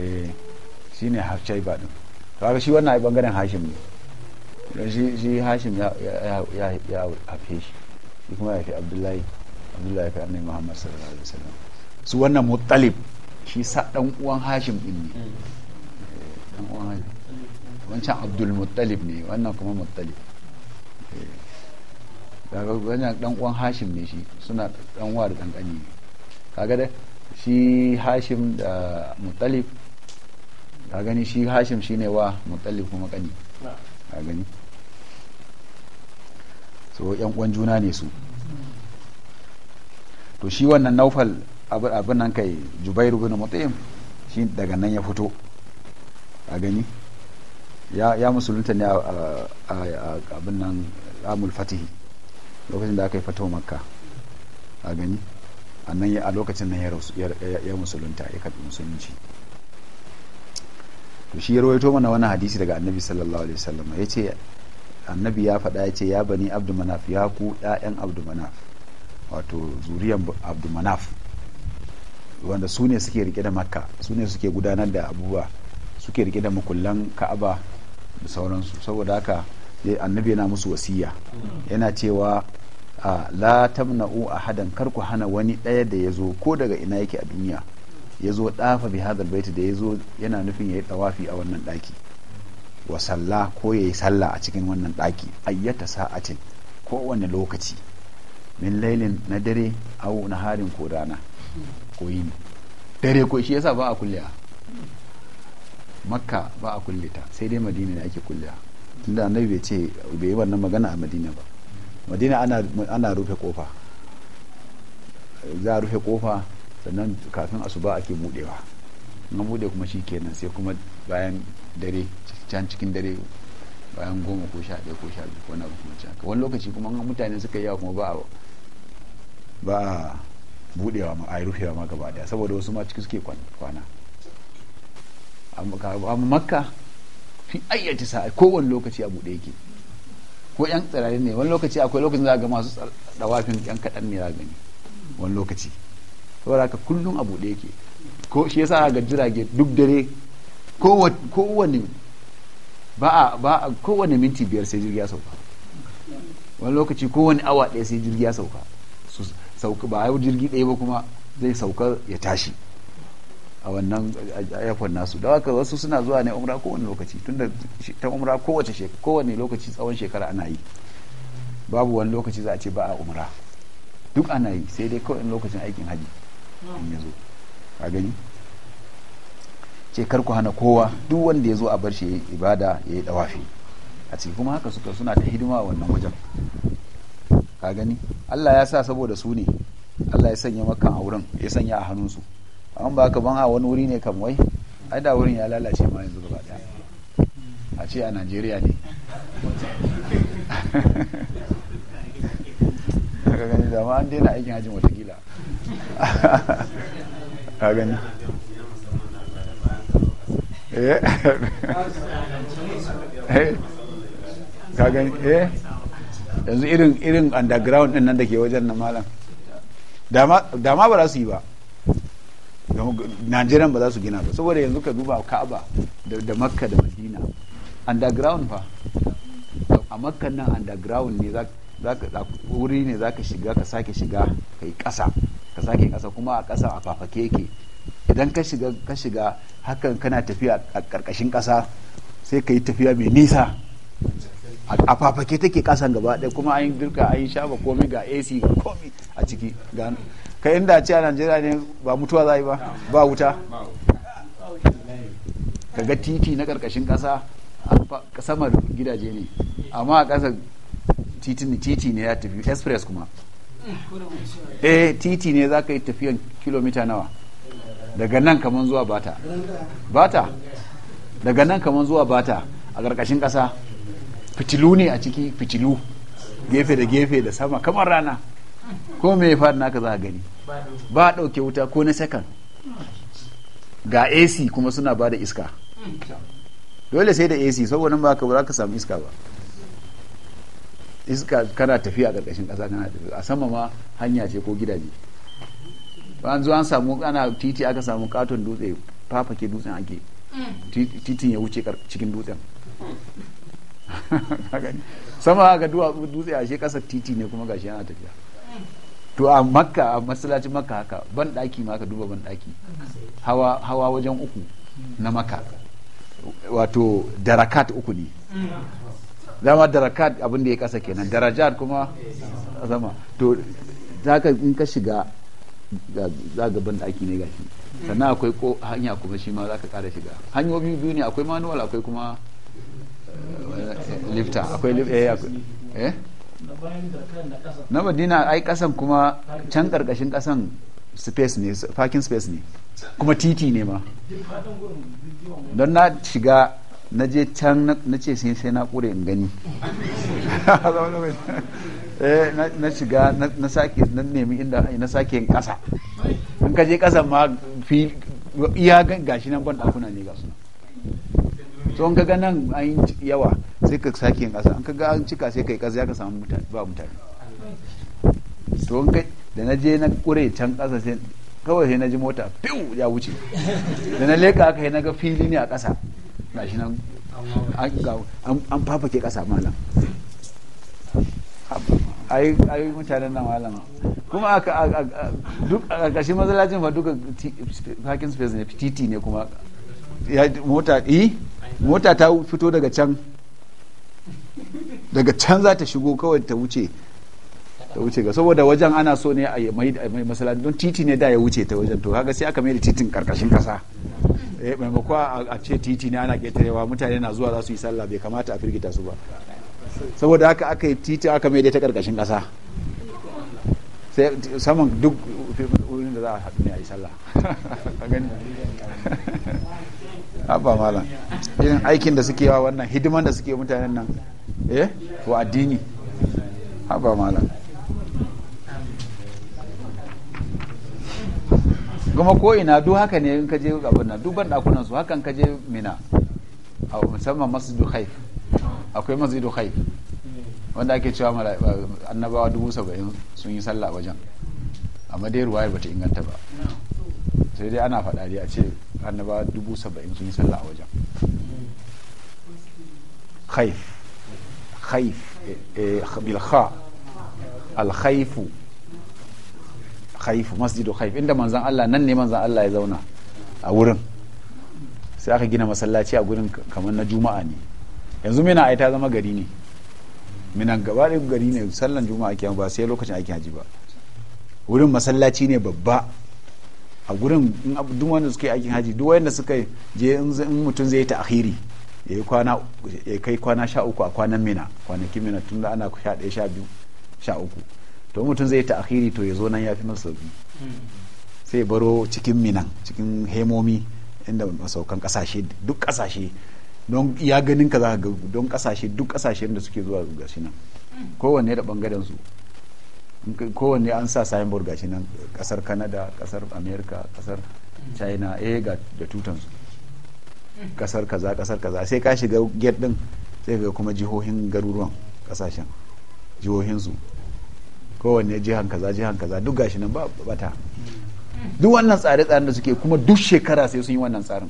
eh shine ba din kaga shi wannan ai bangaren hashim ne shi hashim ya haife shi shi kuma ya fi abdullahi abdullahi ya fi annai muhammad sallallahu alaihi wasallam su wannan muttalib shi sa dan uwan hashim din ne dan mm. eh, uwan hashim wancan abdul muttalib ne wannan kuma muttalib daga eh, wannan dan uwan hashim ne shi suna dan uwa da dan kani kaga da shi hashim da muttalib ka gani shi hashim shine wa muttalib kuma kani a gani so yan uwan juna ne su to shi wannan naufal abin nan kai jubairu bin mutum shi daga nan ya fito a gani ya musulunta ne a abin nan amul fatihi lokacin da aka yi fito makka a gani a lokacin nan ya musulunta ya karɓi musulunci to shi ya rawaito mana wani hadisi daga annabi sallallahu alaihi wasallam ya ce annabi ya faɗa ya ce ya bani abdu manaf ya ku ɗayan abdu manaf wato zuriyan abdu manaf wanda su ne suke rike da makka su ne suke gudanar da abubuwa suke rike da makullan ka'aba da sauransu saboda haka annabi yana musu wasiya yana cewa la tamna'u ahadan kar ku hana wani ɗaya da ya zo ko daga ina yake a duniya ya zo dafa bi hadal baiti da ya zo yana nufin ya yi tawafi a wannan daki wa sallah ko ya yi sallah a cikin wannan daki ayyata sa'atin ko wani lokaci min lailin na dare au na harin ko rana ko yini dare ko shi yasa ba a kulliya makka ba a kulle ta sai dai madina ne ake kulliya tunda annabi bai ce bai yi wannan magana a madina ba madina ana rufe kofa za a rufe kofa sannan kafin asuba ake budewa na bude kuma shi kenan sai kuma bayan dare can cikin dare bayan goma ko sha ɗaya ko sha biyu ko na kuma can wani lokaci kuma mutane suka yawa kuma ba ba a budewa ma a yi rufewa ma gaba daya saboda wasu ma ciki suke kwana amma makka fi sa sa'a kowane lokaci a bude yake ko yan tsirari ne wani lokaci akwai lokacin za ga masu dawafin yan kaɗan ne za gani wani lokaci saboda haka kullum abu ɗaya ke. ko shi yasa ga jirage duk dare kowane ba a kowane minti biyar sai jirgi ya sauka wani lokaci kowane awa ɗaya sai jirgi ya sauka sauka ba yau jirgi ɗaya ba kuma zai sauka ya tashi a wannan ayyafan nasu da haka wasu suna zuwa ne umra kowane lokaci tunda ta umra kowace shekara. kowane lokaci tsawon shekara ana yi babu wani lokaci za a ce ba a umra duk ana yi sai dai kawai lokacin aikin hajji. in ya zo a gani ce kar ku hana kowa duk wanda ya zo a bar shi ya yi ibada ya yi dawafi a ciki kuma haka suka suna ta hidima a wannan wajen ka gani Allah ya sa saboda su ne Allah ya sanya makan a wurin ya sanya a hannunsu amma ba ka ban a wani wuri ne kam wai ai da wurin ya lalace ma yanzu gaba daya a ce a Najeriya ne ka gani da ma an daina aikin hajjin watakila a gani eh. Eh. ka gani eh yanzu irin irin underground din nan da ke wajen na malam dama ba za su yi ba najeriya ba za su gina ba saboda yanzu ka duba ka'aba da makka da madina underground fa a Makka nan underground ne wuri ne za ka shiga ka sake shiga ka yi ƙasa ka sake ƙasa kuma a ƙasa a fafake yake idan ka shiga ka shiga hakan kana tafiya a ƙarƙashin ƙasa sai ka yi tafiya mai nisa a fafake take ƙasan gaba ɗaya kuma an yi dirka an yi shafa komi ga ac komi a ciki ga ka inda ce a najeriya ne ba mutuwa za yi ba ba wuta ka ga titi na ƙarƙashin ƙasa samar gidaje ne amma a ƙasa titi ne ya tafi express kuma eh titi ne za ka yi tafiyan kilomita nawa daga nan kaman zuwa bata bata daga nan kaman zuwa bata a ƙarƙashin ƙasa fitilu ne a ciki fitilu gefe da gefe da sama kamar rana ko me faɗi naka za a gani ba a ɗauke wuta ko na sakan ga ac kuma suna ba da iska dole sai da ac saboda ba ka samu iska ba iska kana tafiya a ƙarƙashin ƙasa kana tafiya a sama ma hanya ce ko gidaje an zo an samu ana titi aka samu katon dutse fafake dutsen ake titin ya wuce cikin dutsen sama duwa dutse a shi ƙasar titi ne kuma gashi ana tafiya to a makka a masallacin makka haka ban ɗaki ma ka duba ban ɗaki hawa wajen uku na makka wato darakat uku ne zama darakat abin da ya kasa kenan darajat kuma zama to zaka in ka shiga za ga ban daki ne gashi sannan akwai ko hanya kuma shi ma zaka kara shiga hanyoyi biyu ne akwai manual akwai kuma eh, lifta eh, akwai eh na madina ai kasan kuma can karkashin kasan space ne parking space ne kuma titi ne ma don na shiga na je can na ce sai sai na ƙure in gani eh, na shiga na sake na nemi inda na sake yin ƙasa in ka je ƙasa ma fi iya gashi nan banɗakuna ne ga suna so in ka ga nan an yi yawa sai ka sake yin ƙasa in ka ga an cika sai ka yi ƙasa ya ka samu mutane ba mutane to in ka da na je na ƙure can ƙasa sai kawai sai na ji mota fiw ya wuce da na leƙa aka yi na ga fili ne a ƙasa gashi nan an fafake kasa malam a ai mutanen nan malama kuma aka a ƙarshen mazalacin ba duka parking space ne titi ne kuma mota yi eh? mota ta fito daga can daga can za ta shigo kawai ta wuce ta wuce ga saboda wajen ana so ne a yi masallaci don titi ne da ya wuce ta wajen to kaga sai aka mai da titin karkashin kasa Eh, maimako a ce titi ne ana ketarewa mutane na zuwa za su yi sallah bai kamata a firgita su ba saboda haka aka yi titi aka mai ta karkashin kasa sai saman duk wurin da za a haɗu ne a yi sallah ba malam irin aikin da suke wa wannan hidiman da suke mutanen nan eh wa addini ba malam kuma ko ina duk haka ne in ka je abin nan duk ban dakunan su hakan ka je mina a musamman masjidu haif akwai masjidu haif. wanda ake cewa annabawa dubu saba'in sun yi sallah wajen amma dai ruwayar bata inganta ba sai dai ana faɗa a ce annabawa dubu saba'in sun yi sallah wajen haif haif eh, eh, bilha alhaifu. haifu masjidu haifu inda manzan Allah nan ne manzan Allah ya zauna a wurin sai aka gina masallaci a gurin kamar na juma'a ne yanzu mina ai ta zama gari ne minan gaba gari ne sallan juma'a ake ba sai lokacin aikin haji ba wurin masallaci ne babba a gurin duk wanda suke aikin haji duk wanda suka je in mutum zai yi akhiri ya kwana ya kai kwana sha uku a kwanan mina kwanakin mina tun da ana sha ɗaya sha biyu sha uku to mutum zai ta'khiri to ya zo nan ya fi masa sauki sai baro cikin minan cikin hemomi inda masaukan kasashe duk kasashe don ya ganin ka za ga don kasashe duk kasashe da suke zuwa ga shi nan kowanne da bangaren su kowanne an sa signboard shi nan kasar kanada kasar america kasar china eh ga da tutansu kasar kaza kasar kaza sai ka shiga gate din sai ga kuma jihohin garuruwan kasashen jihohin su kowanne jihan kaza jihan kaza duk gashi nan ba bata duk wannan tsare-tsaren da suke kuma duk shekara sai sun yi wannan tsarin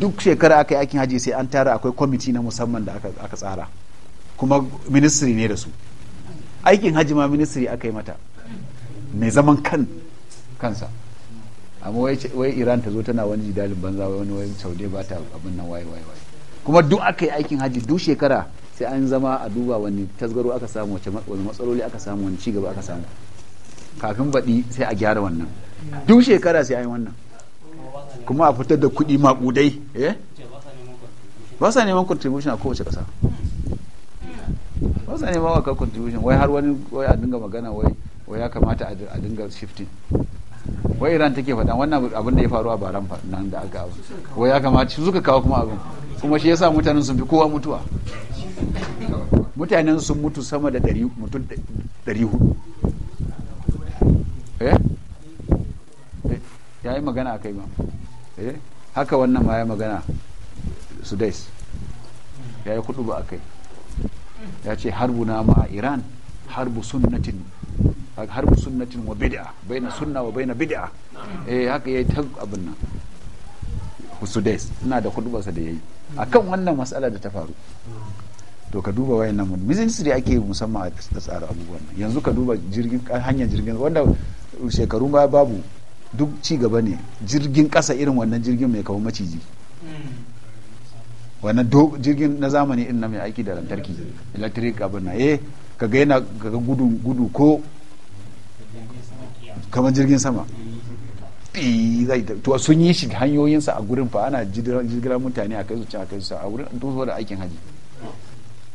duk shekara aka yi aikin haji sai an tara akwai kwamiti na musamman da aka tsara kuma ministry ne da su aikin haji ma ministry aka yi mata mai zaman kan kansa amma wai iran ta zo tana wani jidalin banza wai wani wai saude ba ta abin nan waye waye kuma duk aka yi aikin haji duk shekara sai an zama a duba wani tasgaro aka samu wace matsaloli aka samu wani cigaba aka samu kafin baɗi sai a gyara wannan duk shekara sai a yi wannan kuma a fitar da kuɗi maƙudai eh? ba sa neman contribution a kowace ƙasa ba sa neman wakar contribution wai har wani wai a dinga magana wai wai ya kamata a dinga shifting wai iran take faɗa wannan abin da ya faru a baran nan da aka abu wai ya kamata suka kawo kuma abin kuma shi yasa mutanen sun fi kowa mutuwa mutanen sun mutu sama da mutum hudu eh? eh ya yi magana a kai ma eh haka wannan ma ya magana sudais ya yi kudu ba a kai ya ce harbu na ma a iran harbu sunnatin harbu sunnatin wa bid'a baina sunna wa baina bid'a eh haka yayi ta abin nan sudais ina da kudu ba sa da yayi akan wannan mas'ala da ta faru to ka duba namun mun ministry ake musamman a tsara abubuwan yanzu ka duba jirgin hanyar jirgin wanda shekarun baya babu duk ci gaba ne jirgin kasa irin wannan jirgin mai kawo maciji wannan jirgin na zamani irin na mai aiki da lantarki electric abin na eh ga yana ga gudu gudu ko kamar jirgin sama to sun yi shi hanyoyinsa a gurin fa ana jirgin mutane a kai su can a kai su a wurin to da aikin haji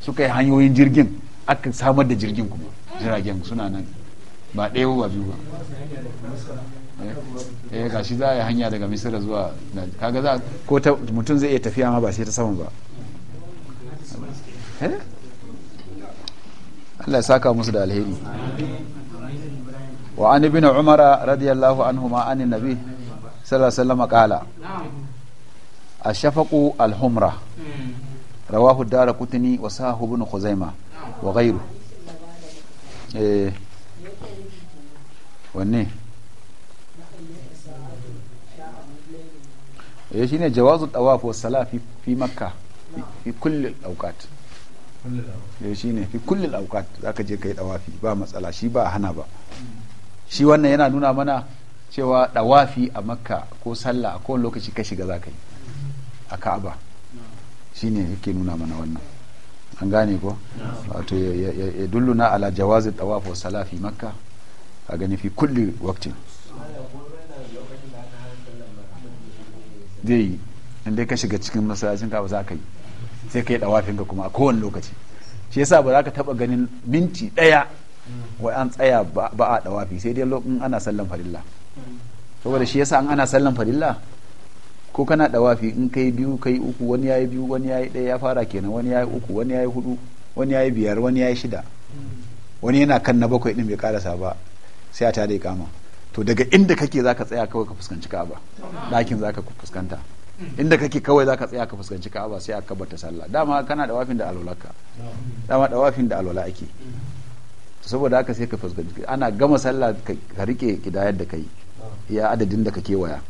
suka yi hanyoyin jirgin aka samar da jirgin kuma jiragen suna nan ba ɗaya ba biyu ba eh, eh ga shi za a yi hanya daga misira zuwa kaga za ko ta mutum zai iya tafiya ma ba sai ta saman ba eh? Allah ya saka musu da alheri wa an ibn umar radiyallahu ma an nabi sallallahu alaihi wasallam qala ashafaqu alhumra hmm. رواه dara kutni وساه بن خزيمة وغيره wa ghairu wanne eh shine jawazu في, wa sala fi fi makka fi shine fi kulli al za ka je kai dawafi ba matsala shi ba hana ba shi wannan yana nuna mana cewa dawafi a makka ko sallah a kowane lokaci ka shiga zaka yi a ka'aba shine yake nuna mana wannan an gane ko wato ya dulluna ala jawazi tawaf wa sala makka a gani fi kulli waktin zai yi inda ka shiga cikin masallacin ka ba za ka yi sai ka yi dawafin ka kuma a kowane lokaci shi yasa ba za ka taba ganin minti daya wai an tsaya ba a dawafi sai dai lokacin ana sallan farilla saboda shi yasa an ana sallan farilla ko kana dawafi in kai biyu kai uku wani yayi biyu wani yayi ɗaya ya fara kenan wani yayi uku wani yayi hudu wani yayi biyar wani yayi shida wani yana kan na bakwai din bai karasa ba sai a ta da kama to daga inda kake zaka tsaya kawai ka fuskanci ka'aba ɗakin zaka fuskanta inda kake kawai zaka tsaya ka fuskanci ka'aba sai aka bata sallah dama kana dawafin da alwalaka dama dawafin da alwala ake saboda haka sai ka fuskanci ana gama sallah ka rike kidayar da kai iya adadin da ka kewaya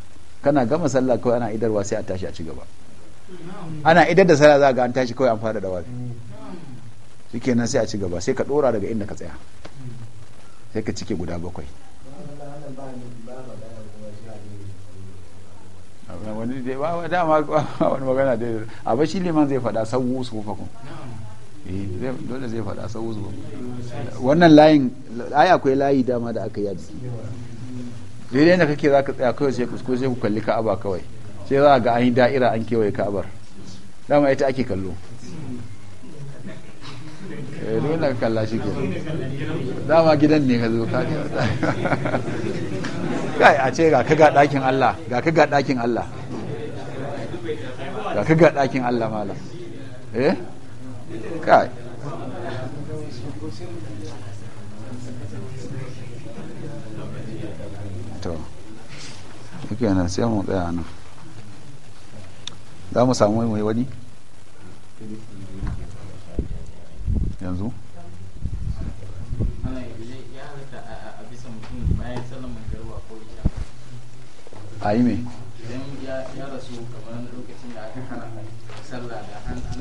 kana gama sallah kawai ana idarwa sai a tashi a ci gaba ana idar da sallah za ga an tashi kawai an fara da wafi shikenan sai a ci gaba sai ka dora daga inda ka tsaya sai ka cike guda bakwai dama wani magana dai a bashi liman zai faɗa sauwu su fakon eh, dole zai faɗa sauwu su wannan layin ai akwai layi dama da aka yi a jiki daidai ne kake zaka tsaya kawai sai kusko sai ku kalli ka'aba kawai sai za ga an yi da'ira an kewaye ka'abar dama ita ake kallo eh dole ka kalla shi ke dama gidan ne ka zo ka kai a ce ga ka ga dakin Allah ga ka ga dakin Allah ga ka ga dakin Allah malam eh kai na sai mu tsaya nan za mu samu mai wani yanzu a yi me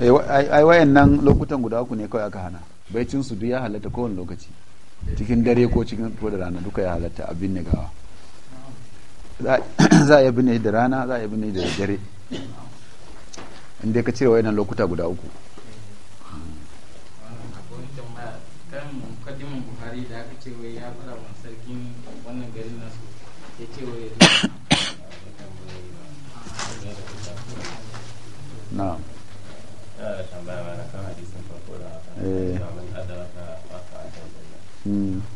eh, ai wayan nan lokutan guda uku ne kawai aka hana baicin su duk ya halatta kowane lokaci cikin dare ko cikin ko da rana duka ya halatta abin ne gawa za a yi binne da rana za a yi binne da dare inda ka cire wayannan lokuta guda uku Mm. eh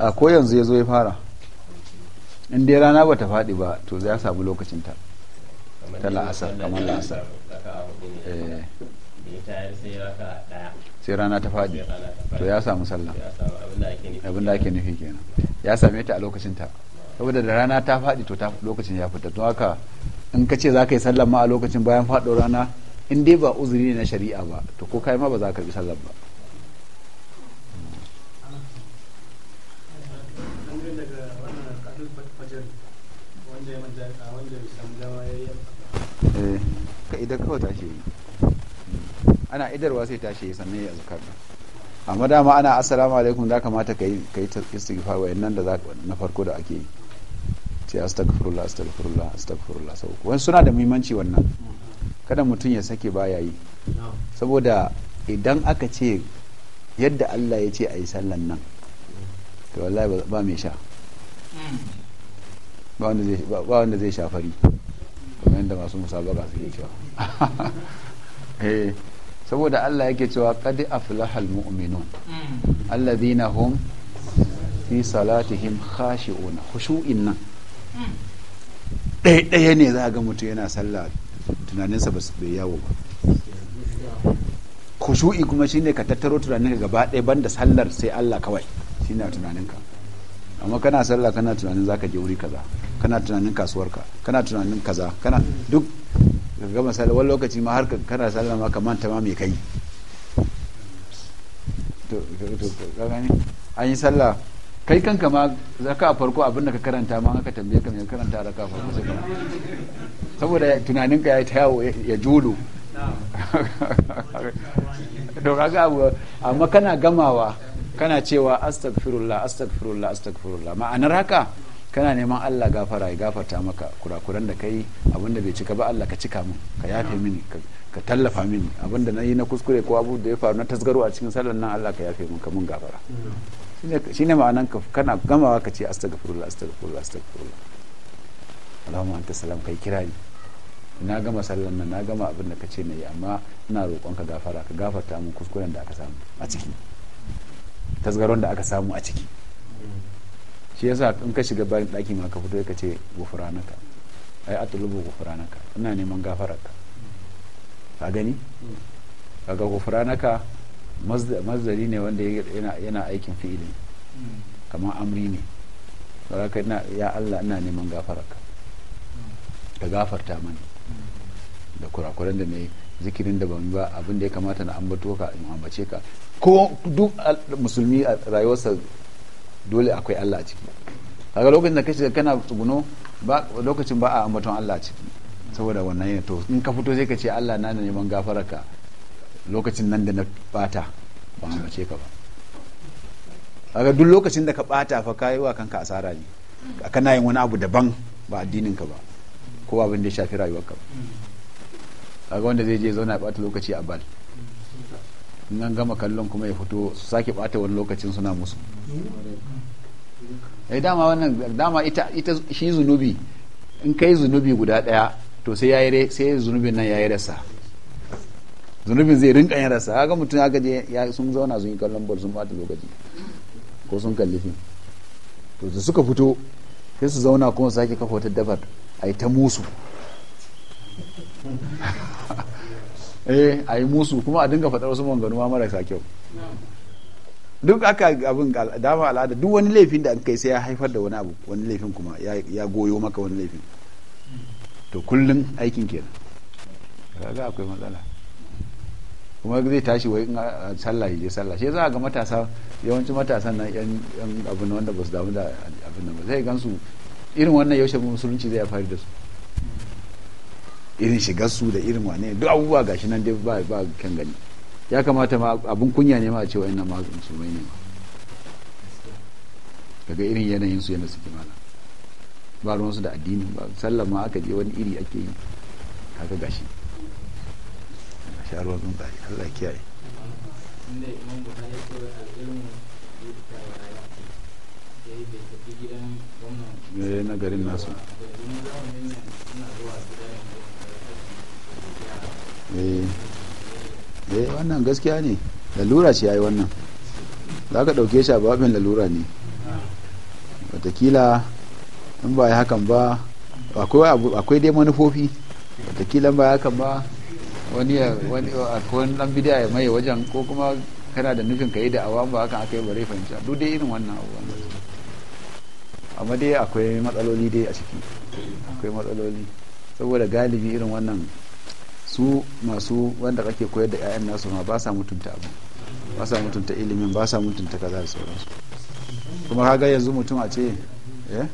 a ko yanzu ya zo ya fara in dai rana ba ta faɗi ba to ya samu lokacin ta ta la'asar kamar la'asar eh. sai rana ta faɗi to ya samu sallah abinda ake nufi kenan ya same ta a lokacin ta saboda da rana ta faɗi to lokacin ya fita to haka in ka ce za ka yi sallah ma a lokacin bayan faɗo rana in dai ba uzuri ne na shari'a ba to ko kai ma ba za ka bi sallah ba idar kawai tashi yi ana idarwa sai tashi yi sannan ya azkar amma dama ana assalamu alaikum da kamata kai kai istighfar yannan da na farko da ake yi ce astagfirullah astagfirullah astagfirullah sau wani suna da muhimmanci wannan kada mutum ya sake baya yi saboda idan aka ce yadda Allah ya ce a yi sallan nan to wallahi ba mai sha ba wanda zai shafari kamar yadda masu musabaka suke cewa eh, saboda Allah yake cewa qad aflahal mu'minun alladhina hum fi salatihim khashi'un khushu'in nan ɗaya ne za ga mutum yana sallah tunaninsa ba su bai yawo ba khushu'i kuma shine ka tattaro tunaninka gaba ɗaya banda sallar sai Allah kawai shine tunaninka amma kana sallah kana tunanin zaka je wuri kaza kana tunanin kasuwarka kana tunanin kaza kana duk ga misali wani lokaci ma har kana sallama ma ka manta ma mai kai an yi sallah kai kanka ma za ka farko abin da ka karanta ma ka tambaye ka mai karanta da ka farko sai kana saboda tunanin ka ya ta yawo ya jolo to amma kana gamawa kana cewa astagfirullah astagfirullah astagfirullah ma'anar haka kana neman Allah gafara ya gafarta maka kurakuran da kai abinda bai cika ba Allah ka cika min ka yafe mini ka tallafa mini abinda na yi na kuskure ko abu da ya faru na tasgaro a cikin salon nan Allah ka yafe min ka mun gafara shine ma'anan ka kana gamawa ka ce astagfirullah astagfirullah astagfirullah Allahumma anta salam kai kira ni na gama sallan nan na gama abin da ka ce yi amma ina roƙon ka gafara ka gafarta mun kuskuren da aka samu a ciki tasgaron da aka samu a ciki shi yasa in ka shiga bayan ɗaki ma ka fito ka ce gufranaka ai atlubu gufranaka ina neman gafararka ka gani kaga gufranaka mazdari ne wanda yana aikin fi'ili kamar amri ne saboda ina ya Allah ina neman gafararka ka gafarta mani da kurakuran da mai zikirin da ban ba abin da ya kamata na ambato ka in ambace ka ko duk musulmi a rayuwarsa dole akwai Allah a ciki kaga lokacin da kace kana tsuguno ba lokacin ba a ambaton Allah a ciki saboda wannan yana to in ka fito sai ka ce Allah na da neman gafararka lokacin nan da na bata ba mace ka ba kaga duk lokacin da ka bata fa kai wa kanka asara ne kana yin wani abu daban ba addinin ka ba ko abin da ya shafi rayuwarka ba kaga wanda zai je zauna ya bata lokaci a bal in an gama kallon kuma ya fito su sake bata wani lokacin suna musu eh dama wannan dama ita ita shi zunubi in kai zunubi guda daya to sai yayi sai zunubin nan yayi rasa zunubin zai rinka yin rasa haka mutum ya je ya sun zauna sun yi kallon bol sun bata lokaci ko sun kalli fim to da suka fito sai su zauna kuma su sake kafa wata dabar a yi ta musu eh a yi musu kuma a dinga faɗar wasu manganu ma marasa kyau duk aka abin dama al'ada duk wani laifin da an kai sai ya haifar da wani abu wani laifin kuma ya goyo maka wani laifin to kullum aikin kenan kaga akwai matsala kuma zai tashi wai in sallah je sallah shi za a ga matasa yawancin matasan nan yan abin wanda ba su damu da abin nan ba zai gansu irin wannan yaushe musulunci zai fara da su irin shigarsu da irin wane duk abubuwa gashi nan dai ba ba kan gani ya kamata ma abun kunya ne ma a ce yana ma musulmai ne daga irin yanayin su yana suke mana ba ruwan su da addini ba sallar ma aka je wani iri ake yi haka gashi a sha ruwan Allah kiyaye eh, na garin nasu Eh. eh wannan gaskiya ne lalura ce yayi wannan za ka ɗauke shi a babin lalura ne watakila in ba ya hakan ba akwai dai manufofi watakila ba ya hakan ba wani ya wani akwai dan bidiya ya mai wajen ko kuma kana da nufin ka yi da awa ba hakan aka yi bare fahimci duk dai irin wannan abubuwan amma dai akwai matsaloli dai a ciki akwai matsaloli saboda galibi irin wannan su masu wanda kake koyar da 'ya'yan nasu ma ba sa mutunta abu ba sa mutunta ilimin ba sa mutunta kaza da sauransu kuma kaga yanzu mutum a ce eh,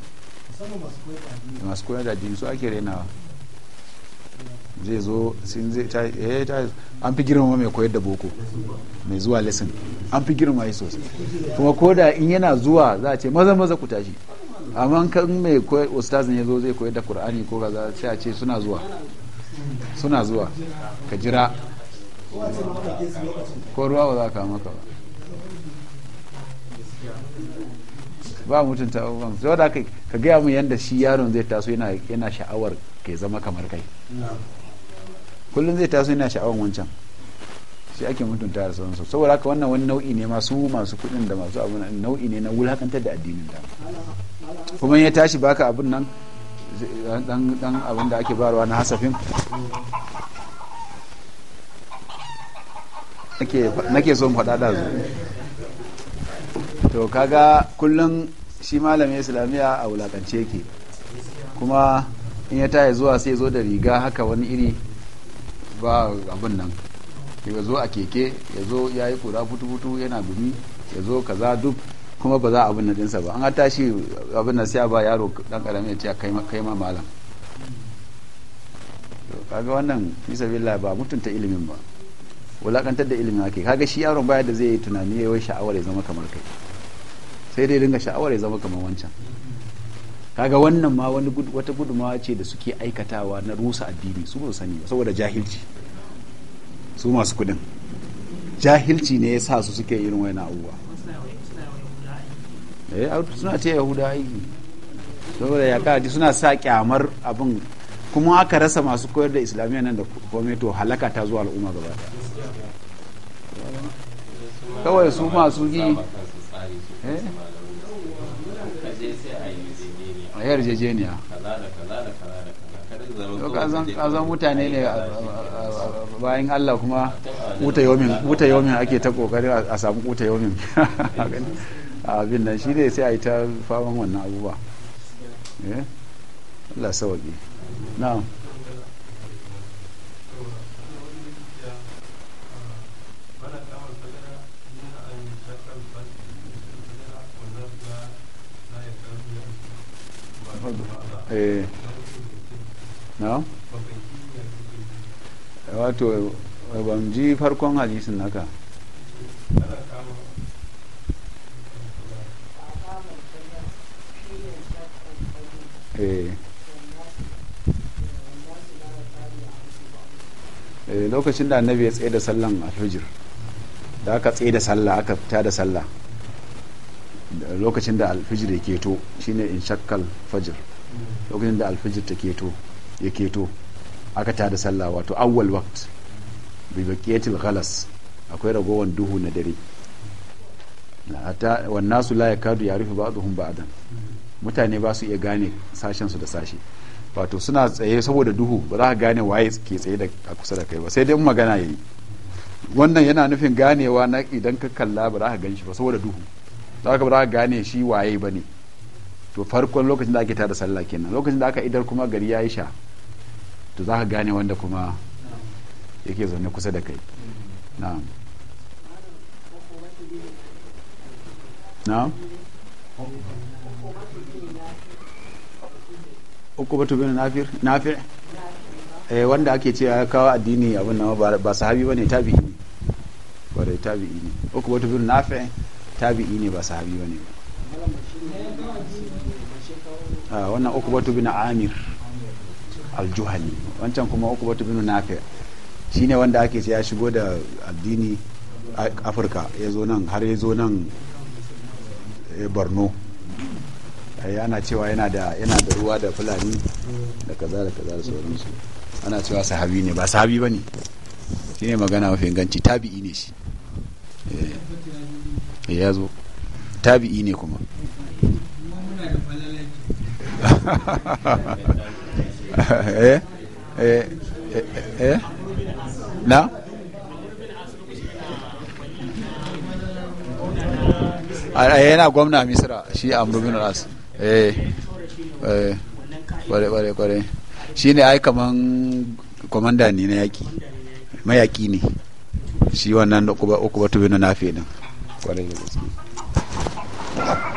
masu koyar da addini su ake renawa zai zo sun zai ta eh, an fi girma mai koyar da boko mai zuwa lesson an fi girma yi sosai kuma ko da in yana zuwa za a ce maza maza ku tashi amma kan mai koyar ustaz ne ya zo zai koyar da qur'ani ko kaza sai a ce suna zuwa suna zuwa ka jira ko ruwa ba za ka maka ba ba mutunta abubuwan da wadda ka gaya mu yadda shi yaron zai taso yana sha'awar ke zama kamar kai kullum zai taso yana sha'awar wancan shi ake mutunta da sauransu saboda haka wannan wani nau'i ne masu masu kuɗin da masu abu nau'i ne na wulakantar da addinin da kuma ya tashi baka abun nan dan abin da ake barwa na hasafin nake son faɗa da su to kaga kullum shi malamin islamiyya a wulakance ke kuma in ya taya zuwa sai zo da riga haka wani iri ba abin nan ya zo a keke ya zo ya yi kura futu-futu yana gumi ya zo kaza duk kuma ba za a abin dinsa ba an ga tashi abin nan ba yaro dan karamin ya ce kai kai ma malam to kaga wannan fisabilillah ba mutunta ilimin ba wulakantar da ilimin ake kaga shi yaron baya da zai yi tunani yayin sha'awar ya zama kamar kai sai dai dinga sha'awar ya zama kamar wancan kaga wannan ma wata gudumawa ce da suke aikatawa na rusa addini su ba sani ba saboda jahilci su masu kudin jahilci ne ya sa su suke irin wani abubuwa Eh, suna ce yahuda aiki saboda ya kaji suna sa kyamar abin kuma aka rasa masu koyar da islamiyya nan da kome to halaka ta zuwa al'umma gaba kawai su masu gi eh? a yarjejeniya kazan mutane ne bayan allah kuma wuta yomin ake ta kokarin a samu wuta yomin abin nan shi ne sai a yi ta faman wannan abubuwa eh Allah sawaƙi na'am eh. na wato ban ji farkon hadisin naka Eh. Eh, lokacin da annabi ya tsaye da sallan alfijir da aka tsaye da sallah aka fita da sallah lokacin da alfijir ya keto shine in shakkal fajir lokacin da alfijir ta keto ya keto aka ta da sallah wato awwal waqt bi baqiyatil ghalas akwai ragowan duhu na dare hatta wan nasu la yakadu yarifu ba'dhum ba'dan mutane ba su iya gane sashen su da sashe wato suna tsaye saboda duhu ba za ka gane waye ke tsaye da a kusa da kai ba sai dai magana ya yi wannan yana nufin ganewa na idan ka kalla ba za ka gan shi ba saboda duhu za ka ba za ka gane shi waye ba ne to farkon lokacin da ake tada sallah kenan lokacin da aka idar kuma gari ya yi sha to za ka gane wanda kuma yake zaune kusa da kai na'am na'am ukubatu bin nafir nafi' eh wanda ake cewa ya kawo addini abin nan ba sahabi bane tabi'i ne kwarai tabi'i ne ukubatu bin nafi' tabi'i ne ba sahabi bane ba a ah, wannan ukubatu bin amir aljuhani wancan kuma ukubatu bin nafi' shine wanda ake cewa ya shigo da addini afirka ya zo nan har ya zo nan eh, borno Eh, ana cewa yana da da ruwa da fulani da kaza da kaza da sauransu ana cewa sahabi ne ba sahabi bane shine magana mafi ganci tabi'i ne shi eh, eh ya zo tabi'i ne kuma eh eh, ah, eh yana gwamna misira shi amru bin as Eh, eh kware kware kware shi ne ai kaman komanda ne na yaki mayaki ne shi wannan da uku ba tubi na nafe din kwarai da gaske